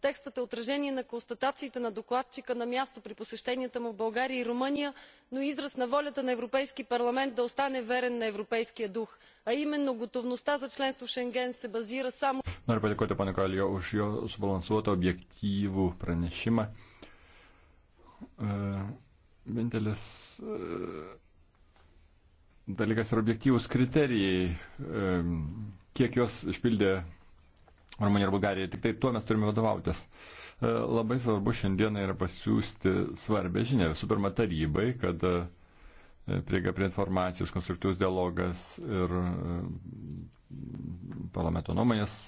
Текстът е отражение на констатациите на докладчика на място при посещенията му в България и Румъния, но израз на волята на Европейски парламент да остане верен на европейския дух, а именно готовността за членство в Шенген
се базира само...
Noriu padėkoti pana Kalijo už jo subalansuotą objektyvų pranešimą. Uh, vienintelis uh, dalykas yra objektyvūs kriterijai, kiek jos išpildė Rumunija ir Bulgarija. Tik tai tuo mes turime vadovautis. E, labai svarbu šiandieną yra pasiūsti svarbę žinę visų pirma tarybai, kad e, prieiga prie informacijos, konstruktyvus dialogas ir e, parlamento nuomonės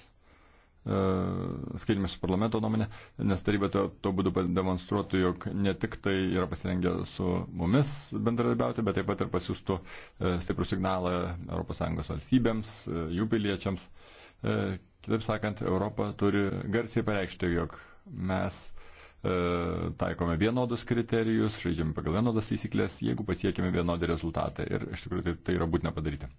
E, skaitimės su parlamento nuomonė, nes taryba to, to būdu demonstruotų, jog ne tik tai yra pasirengę su mumis bendradarbiauti, bet taip pat ir pasiūstų e, stiprų signalą ES valstybėms, e, jų piliečiams. Kitaip sakant, Europa turi garsiai pareikšti, jog mes taikome vienodus kriterijus, žaidžiame pagal vienodas taisyklės, jeigu pasiekime vienodį rezultatą. Ir iš tikrųjų tai, tai yra būtina padaryti.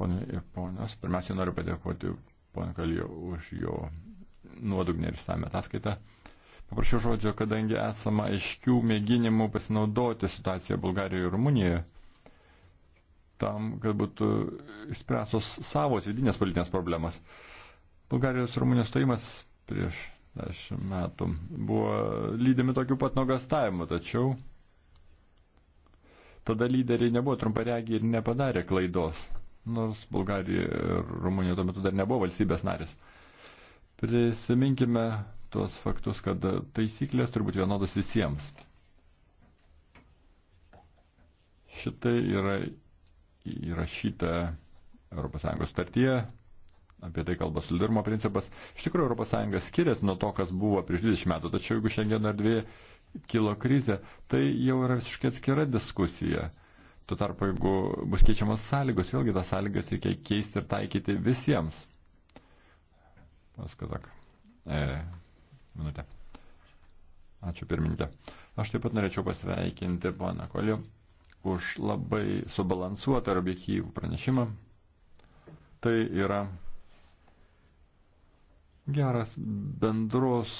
ponai ir ponios. Pirmiausia, noriu padėkoti ponui Kaliu už jo nuodugnį ir išsame ataskaitą. Paprašiau žodžio, kadangi esama aiškių mėginimų pasinaudoti situaciją Bulgarijoje ir Rumunijoje tam, kad būtų išspręstos savos vidinės politinės problemas. Bulgarijos ir Rumunijos stojimas prieš dešimt metų buvo lydimi tokių pat nuogastavimų, tačiau tada lyderiai nebuvo trumparegiai ir nepadarė klaidos nors Bulgarija ir Rumunija tuo metu dar nebuvo valstybės narės. Prisiminkime tuos faktus, kad taisyklės turbūt vienodos visiems. Šitai yra įrašyta ES startyje, apie tai kalba solidarumo principas. Iš tikrųjų, ES skiriasi nuo to, kas buvo prieš 20 metų, tačiau jeigu šiandien erdvėje kilo krizė, tai jau yra visiškai atskira diskusija. Tuo tarpu, jeigu bus keičiamos sąlygos, vėlgi tas sąlygas reikia keisti ir taikyti visiems. Paskatak. E, minutė. Ačiū pirmininkė. Aš taip pat norėčiau pasveikinti poną Kolį už labai subalansuotą ir objektyvų pranešimą. Tai yra geras bendros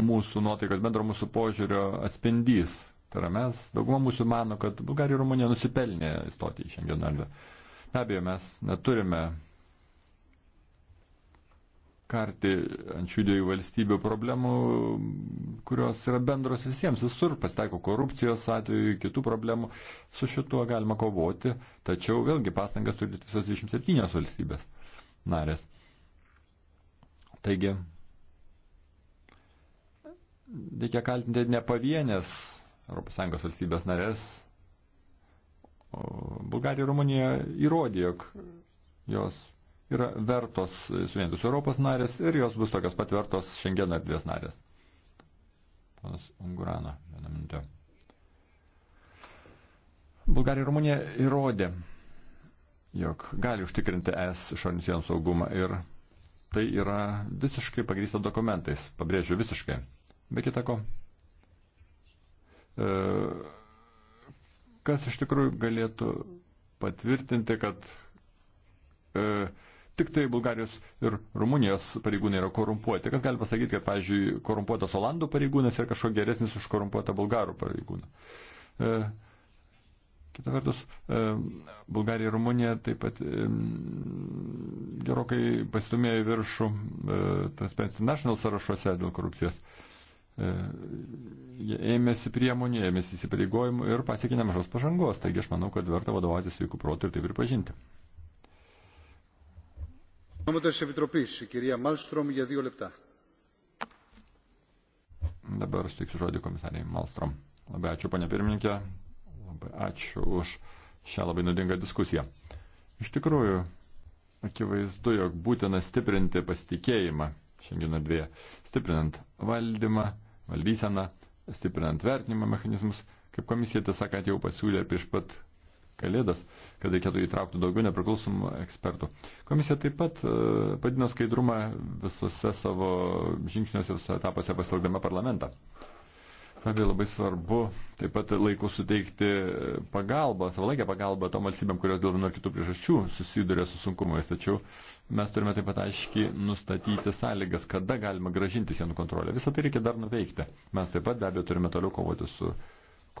mūsų nuotaikos, bendro mūsų požiūrio atspindys Tai yra mes, dauguma mūsų mano, kad Bulgarija ir Rumunija nusipelnė įstoti į Šengeno erdvę. Be abejo, mes neturime karti ant šių dviejų valstybių problemų, kurios yra bendros visiems. Visur pasitaiko korupcijos atveju, kitų problemų. Su šituo galima kovoti, tačiau vėlgi pastangas turi visos 27 valstybės narės. Taigi, reikia kaltinti ne pavienės ES valstybės narės, Bulgarija ir Rumunija įrodė, jog jos yra vertos suvienytos Europos narės ir jos bus tokios pat vertos Šengeno erdvės narės. Panas Ungurano, vieną minutę. Bulgarija ir Rumunija įrodė, jog gali užtikrinti es išorinių sienų saugumą ir tai yra visiškai pagrįsta dokumentais, pabrėžiu visiškai. Be kitako, E, kas iš tikrųjų galėtų patvirtinti, kad e, tik tai Bulgarijos ir Rumunijos pareigūnai yra korumpuoti. Kas gali pasakyti, kad, pavyzdžiui, korumpuotas Olandų pareigūnas yra kažko geresnis už korumpuotą Bulgarų pareigūną. E, kita vertus, e, Bulgarija ir Rumunija taip pat e, gerokai pastumėjo į viršų e, Transparency National sąrašuose dėl korupcijos. E, E, jie ėmėsi priemonių, ėmėsi įsipareigojimų ir pasiekė nemažos pažangos. Taigi aš manau, kad verta vadovautis sveikų protų ir tai pripažinti. Dabar suteiksiu žodį komisariai Malstrom. Labai ačiū, panė pirmininkė. Labai ačiū už šią labai nudingą diskusiją. Iš tikrųjų, akivaizdu, jog būtina stiprinti pasitikėjimą šiandien dvieją, stiprinant valdymą valdyseną, stiprinant vertinimo mechanizmus, kaip komisija tiesą sakant jau pasiūlė prieš pat kalėdas, kad reikėtų įtraukti daugiau nepriklausomų ekspertų. Komisija taip pat e, padino skaidrumą visose savo žingsniuose ir etapuose pasilgdama parlamentą. Be tai labai svarbu taip pat laiku suteikti pagalbą, savalaikę pagalbą tom valstybėm, kurios dėl vienų ar kitų priežasčių susiduria su sunkumais. Tačiau mes turime taip pat aiškiai nustatyti sąlygas, kada galima gražinti sienų kontrolę. Visą tai reikia dar nuveikti. Mes taip pat be abejo turime toliau kovoti su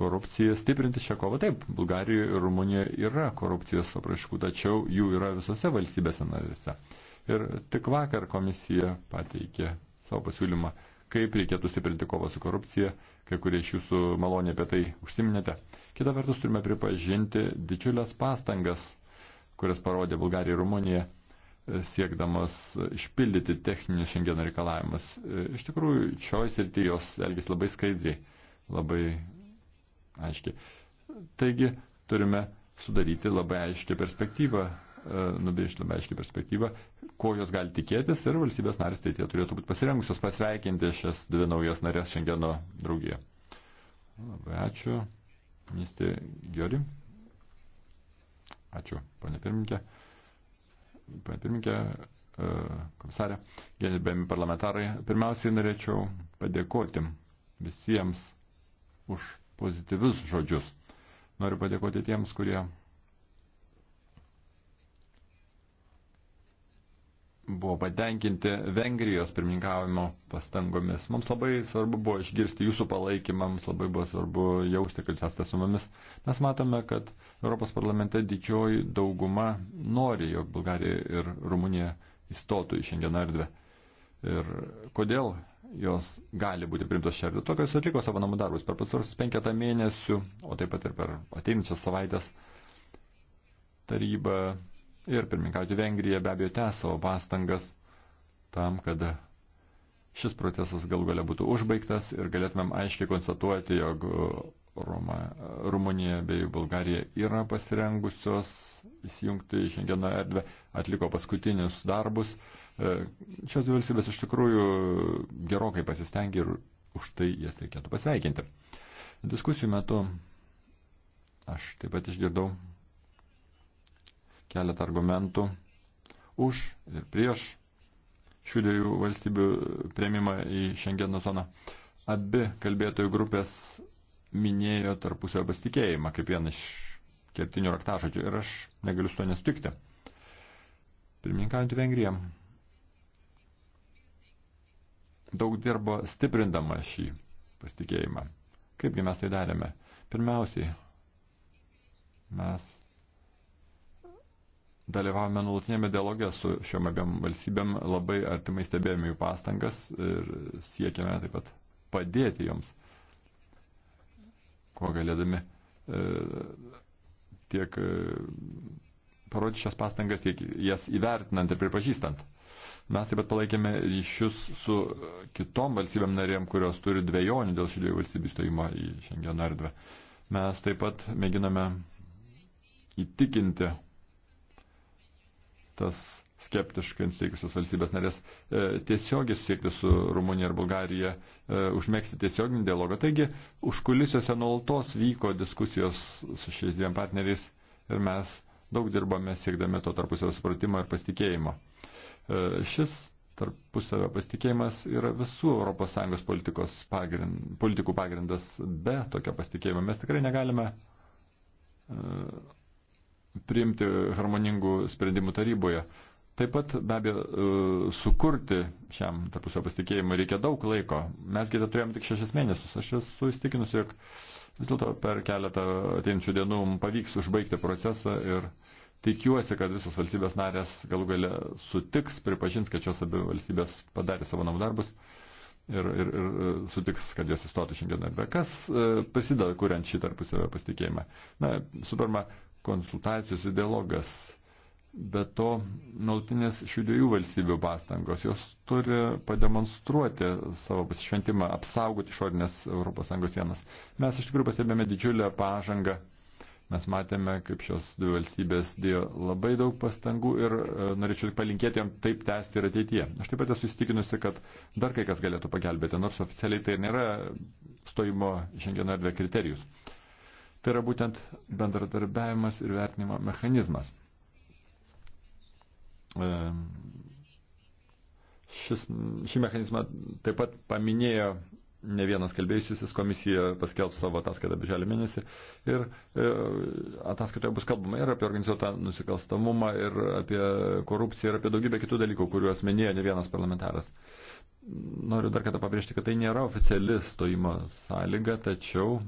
korupcija, stiprinti šią kovą. Taip, Bulgarijoje ir Rumunijoje yra korupcijos apraiškų, tačiau jų yra visose valstybėse narėse. Ir tik vakar komisija pateikė savo pasiūlymą, kaip reikėtų stiprinti kovą su korupcija, kai kurie iš jūsų maloniai apie tai užsiminėte. Kita vertus turime pripažinti didžiulės pastangas, kurias parodė Bulgarija ir Rumunija, e, siekdamas išpildyti techninius šiandieno reikalavimus. E, iš tikrųjų, šioj srity jos elgis labai skaidriai, labai aiškiai. Taigi turime sudaryti labai aiškę perspektyvą e, nubrėžti labai aiškiai perspektyvą ko jos gali tikėtis ir valstybės narės tai tie turėtų būti pasirengusios pasveikinti šias dvi naujas narės Šengeno draugiją. Labai ačiū, ministrė Giori. Ačiū, ponė pirmininkė. Pane pirmininkė, e, komisarė, gerbėmi parlamentarai, pirmiausiai norėčiau padėkoti visiems už pozityvius žodžius. Noriu padėkoti tiems, kurie buvo patenkinti Vengrijos pirmininkavimo pastangomis. Mums labai svarbu buvo išgirsti jūsų palaikymą, mums labai buvo svarbu jausti, kad esate su mumis. Mes matome, kad Europos parlamente didžioji dauguma nori, jog Bulgarija ir Rumunija įstotų į šiandieną erdvę. Ir kodėl jos gali būti primtos čia erdvė? Tokios atliko savo namų darbus per pasarusius penketą mėnesių, o taip pat ir per ateinančias savaitės taryba Ir pirmininkauti Vengrija be abejo tęs savo pastangas tam, kad šis procesas gal galia būtų užbaigtas ir galėtumėm aiškiai konstatuoti, jog Roma, Rumunija bei Bulgarija yra pasirengusios įsijungti į šiandieną erdvę, atliko paskutinius darbus. E, šios dvi valstybės iš tikrųjų gerokai pasistengė ir už tai jas reikėtų pasveikinti. Diskusijų metu aš taip pat išgirdau keletą argumentų už ir prieš šių dviejų valstybių prieimimą į Šengeno zoną. Abi kalbėtojų grupės minėjo tarpusio pasitikėjimą kaip vieną iš kertinių raktažodžių ir aš negaliu su to nesutikti. Pirmininkaujant Vengrija daug dirbo stiprindama šį pasitikėjimą. Kaipgi mes tai darėme? Pirmiausiai, mes dalyvavome nulatinėme dialoge su šiom abiem valstybėm, labai artimai stebėjome jų pastangas ir siekėme taip pat padėti joms, kuo galėdami e, tiek e, parodyti šias pastangas, tiek jas įvertinant ir pripažįstant. Mes taip pat palaikėme ryšius su kitom valstybėm narėm, kurios turi dviejonių dėl šių dviejų valstybių stojimo į Šengeno erdvę. Mes taip pat mėginame įtikinti tas skeptiškai nusiteikusios valstybės narės e, tiesiogiai susiekti su Rumunija ir Bulgarija, e, užmėgsti tiesioginį dialogą. Taigi, užkulisiuose nuolatos vyko diskusijos su šiais dviem partneriais ir mes daug dirbame siekdami to tarpusavio supratimo ir pasitikėjimo. E, šis tarpusavio pasitikėjimas yra visų ES politikos pagrind, politikų pagrindas. Be tokio pasitikėjimo mes tikrai negalime priimti harmoningų sprendimų taryboje. Taip pat be abejo e, sukurti šiam tarpusio pasitikėjimui reikia daug laiko. Mesgi tą turėjom tik šešis mėnesius. Aš esu įstikinus, jog vis dėlto per keletą ateinčių dienų mums pavyks užbaigti procesą ir tikiuosi, kad visos valstybės narės galų gale sutiks, pripažins, kad šios abi valstybės padarė savo namų darbus ir, ir, ir e, sutiks, kad jos įstotų šiandien arba. Kas e, prisideda, kuriant šį tarpusavio pasitikėjimą? Na, su pirma, konsultacijos ir dialogas. Be to, nautinės šių dviejų valstybių pastangos, jos turi pademonstruoti savo pasišventimą, apsaugoti išorinės ES sienas. Mes iš tikrųjų pastebėjome didžiulę pažangą. Mes matėme, kaip šios dvi valstybės dėjo labai daug pastangų ir e, norėčiau palinkėti jam taip tęsti ir ateityje. Aš taip pat esu įstikinusi, kad dar kai kas galėtų pagelbėti, nors oficialiai tai nėra stojimo šiandieną erdvė kriterijus. Tai yra būtent bendradarbiavimas ir vertinimo mechanizmas. Šis, šį mechanizmą taip pat paminėjo ne vienas kalbėjusis, komisija paskelbs savo ataskaitą birželio mėnesį ir e, ataskaitoje bus kalbama ir apie organizuotą nusikalstamumą, ir apie korupciją, ir apie daugybę kitų dalykų, kuriuos minėjo ne vienas parlamentaras. Noriu dar kartą pabrėžti, kad tai nėra oficiali stojimo sąlyga, tačiau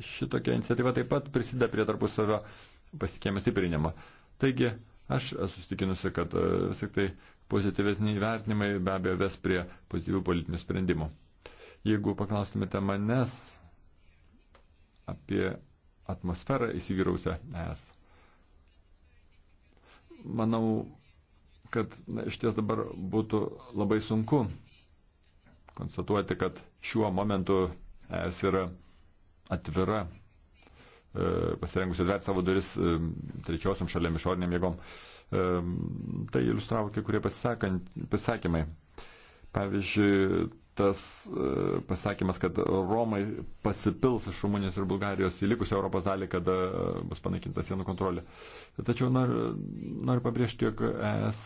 šitokia iniciatyva taip pat prisideda prie tarpusavio pasitikėjimo stiprinimo. Taigi, aš esu stikinusi, kad e, vis tik tai pozityvesni įvertinimai be abejo ves prie pozityvių politinių sprendimų. Jeigu paklaustumėte manęs apie atmosferą įsivyrausią es, manau, kad na, iš ties dabar būtų labai sunku konstatuoti, kad šiuo momentu es yra atvira, e, pasirengusi atverti savo duris e, trečiosiam šalėm išoriniam jėgom. E, tai iliustravo kai kurie pasisakymai. Pavyzdžiui, tas pasakymas, kad Romai pasipils iš Rumunijos ir Bulgarijos į likusią Europos dalį, kada bus panaikinta sienų kontrolė. Tačiau noriu, noriu pabrėžti, jog ES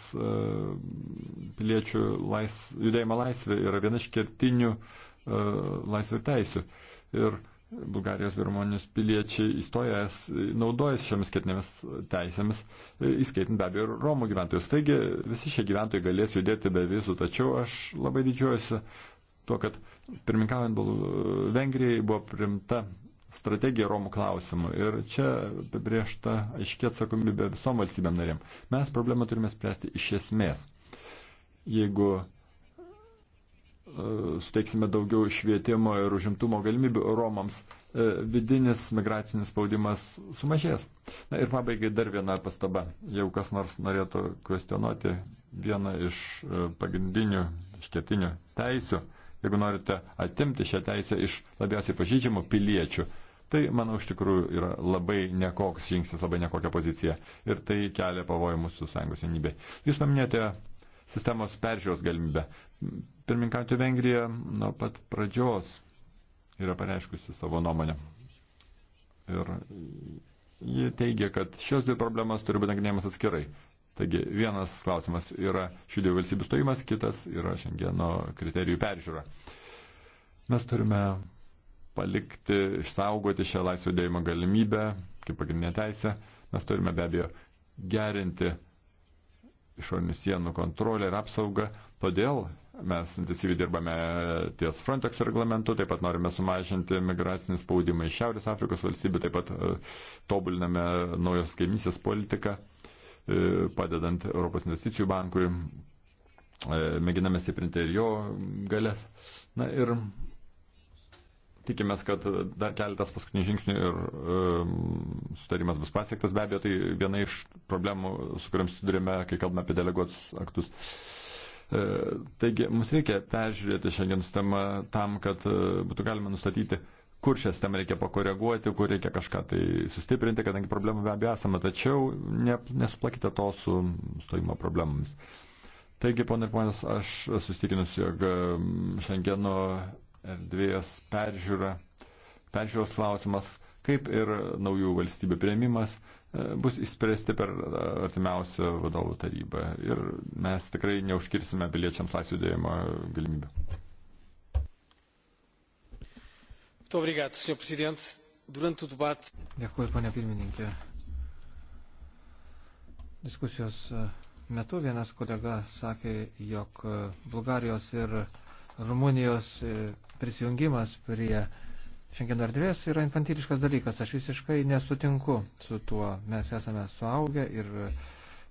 piliečių lais, judėjimo laisvė yra viena iš kertinių laisvių teisių. Ir uh, Bulgarijos ir Rumunijos piliečiai įstojęs, naudojęs šiomis skirtinėmis teisėmis, e, įskaitant be abejo ir Romų gyventojus. Taigi visi šie gyventojai galės judėti be vizų, tačiau aš labai didžiuojuosi tuo, kad pirmininkaujant Vengrijai buvo primta strategija Romų klausimų ir čia apibriešta aiškiai atsakomybė visom valstybėm narėm. Mes problemą turime spręsti iš esmės. Jeigu E, suteiksime daugiau švietimo ir užimtumo galimybių Romams, e, vidinis migracinis spaudimas sumažės. Na ir pabaigai dar viena pastaba. Jeigu kas nors norėtų kvestionuoti vieną iš e, pagrindinių iškėtinių teisių, jeigu norite atimti šią teisę iš labiausiai pažydžiamų piliečių, tai, manau, iš tikrųjų yra labai nekoks žingsnis, labai nekokia pozicija. Ir tai kelia pavojų mūsų sąjungos vienybė. Jūs paminėjote sistemos peržiūros galimybę. Pirminkantį Vengriją nuo pat pradžios yra pareiškusi savo nuomonę. Ir ji teigia, kad šios dvi problemas turi būti nagrinėjamas atskirai. Taigi vienas klausimas yra šių dviejų valstybių stojimas, kitas yra šiandieno kriterijų peržiūra. Mes turime palikti, išsaugoti šią laisvą dėjimo galimybę kaip pagrindinę teisę. Mes turime be abejo gerinti išorinių sienų kontrolę ir apsaugą. Todėl mes intensyviai dirbame ties Frontex reglamentu, taip pat norime sumažinti migracinį spaudimą iš Šiaurės Afrikos valstybių, taip pat e, tobuliname naujos kaimysės politiką, e, padedant Europos investicijų bankui, e, mėginame stiprinti ir jo galės. Na ir Tikimės, kad dar keletas paskutinių žingsnių ir um, sutarimas bus pasiektas. Be abejo, tai viena iš problemų, su kuriam susidurime, kai kalbame apie deleguotus aktus. E, taigi, mums reikia peržiūrėti šiandien sistemą tam, kad e, būtų galima nustatyti, kur šią sistemą reikia pakoreguoti, kur reikia kažką tai sustiprinti, kadangi problemų be abejo esame, tačiau ne, nesuplakite to su stojimo problemomis. Taigi, ponai ir ponės, aš susitikinusiu, jog um, šiandieno erdvės peržiūra, peržiūros klausimas, kaip ir naujų valstybių prieimimas e, bus įspręsti per artimiausią vadovų tarybą. Ir mes tikrai neužkirsime piliečiams laisvų dėjimo galimybių.
Obrigado, Sr. Presidente. Durante o debate. Dėkuoju, ponia pirmininkė. Diskusijos e, metu vienas kolega sakė, jog e, Bulgarijos ir Rumunijos prisijungimas prie šiandien erdvės yra infantiliškas dalykas. Aš visiškai nesutinku su tuo. Mes esame suaugę ir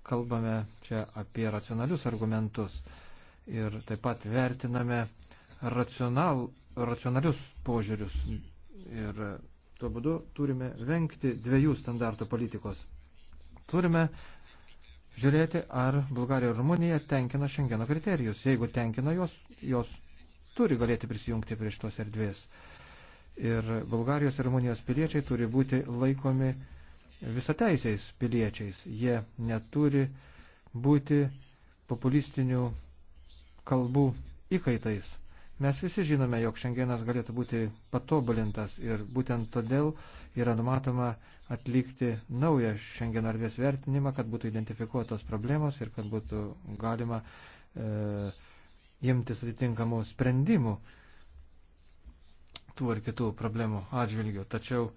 kalbame čia apie racionalius argumentus. Ir taip pat vertiname racional, racionalius požiūrius. Ir tuo būdu turime vengti dviejų standartų politikos. Turime žiūrėti, ar Bulgarija ir Rumunija tenkina šengeno kriterijus. Jeigu tenkina jos, jos turi galėti prisijungti prie šitos erdvės. Ir Bulgarijos ir Rumunijos piliečiai turi būti laikomi visateisiais piliečiais. Jie neturi būti populistinių kalbų įkaitais. Mes visi žinome, jog šiandienas galėtų būti patobulintas ir būtent todėl yra numatoma atlikti naują šiandien erdvės vertinimą, kad būtų identifikuotos problemos ir kad būtų galima e, imtis atitinkamų sprendimų tų ar kitų problemų atžvilgių. Tačiau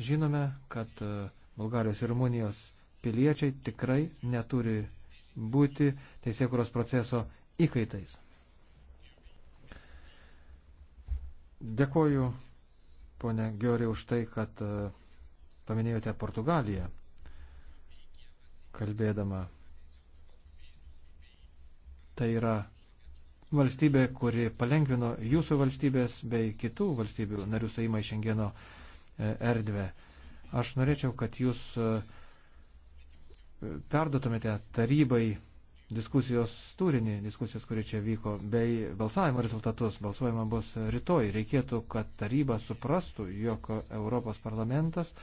žinome, kad e, Bulgarijos ir Rumunijos piliečiai tikrai neturi būti teisėkuros proceso įkaitais. Dėkoju, ponė Giori, už tai, kad e, paminėjote Portugaliją, kalbėdama. Tai yra valstybė, kuri palengvino jūsų valstybės bei kitų valstybių narių stojimą į Šengeno e, erdvę. Aš norėčiau, kad jūs e, perdotumėte tarybai diskusijos turinį, diskusijos, kuri čia vyko, bei balsavimo rezultatus. Balsuojama bus rytoj. Reikėtų, kad taryba suprastų, jog Europos parlamentas,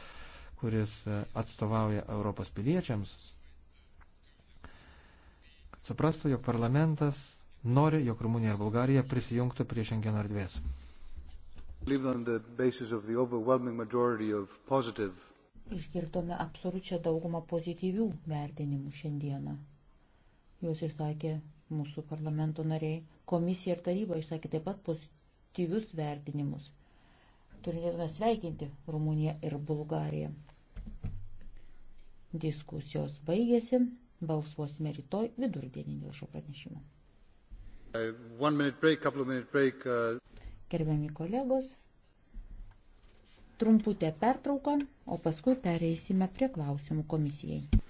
kuris e, atstovauja Europos piliečiams, suprastų, jog parlamentas nori, jog Rumunija ir Bulgarija prisijungtų prie Šengeno erdvės.
Išgirdome absoliučią daugumą pozityvių vertinimų šiandieną. Jūs išsakė mūsų parlamento nariai, komisija ir taryba išsakė taip pat pozityvius vertinimus. Turėtume sveikinti Rumuniją ir Bulgariją. Diskusijos baigėsi, balsuosime rytoj vidurdienį dėl šio pranešimo.
Uh, break, break, uh...
Gerbiami kolegos, trumputė pertrauka, o paskui pereisime prie klausimų komisijai.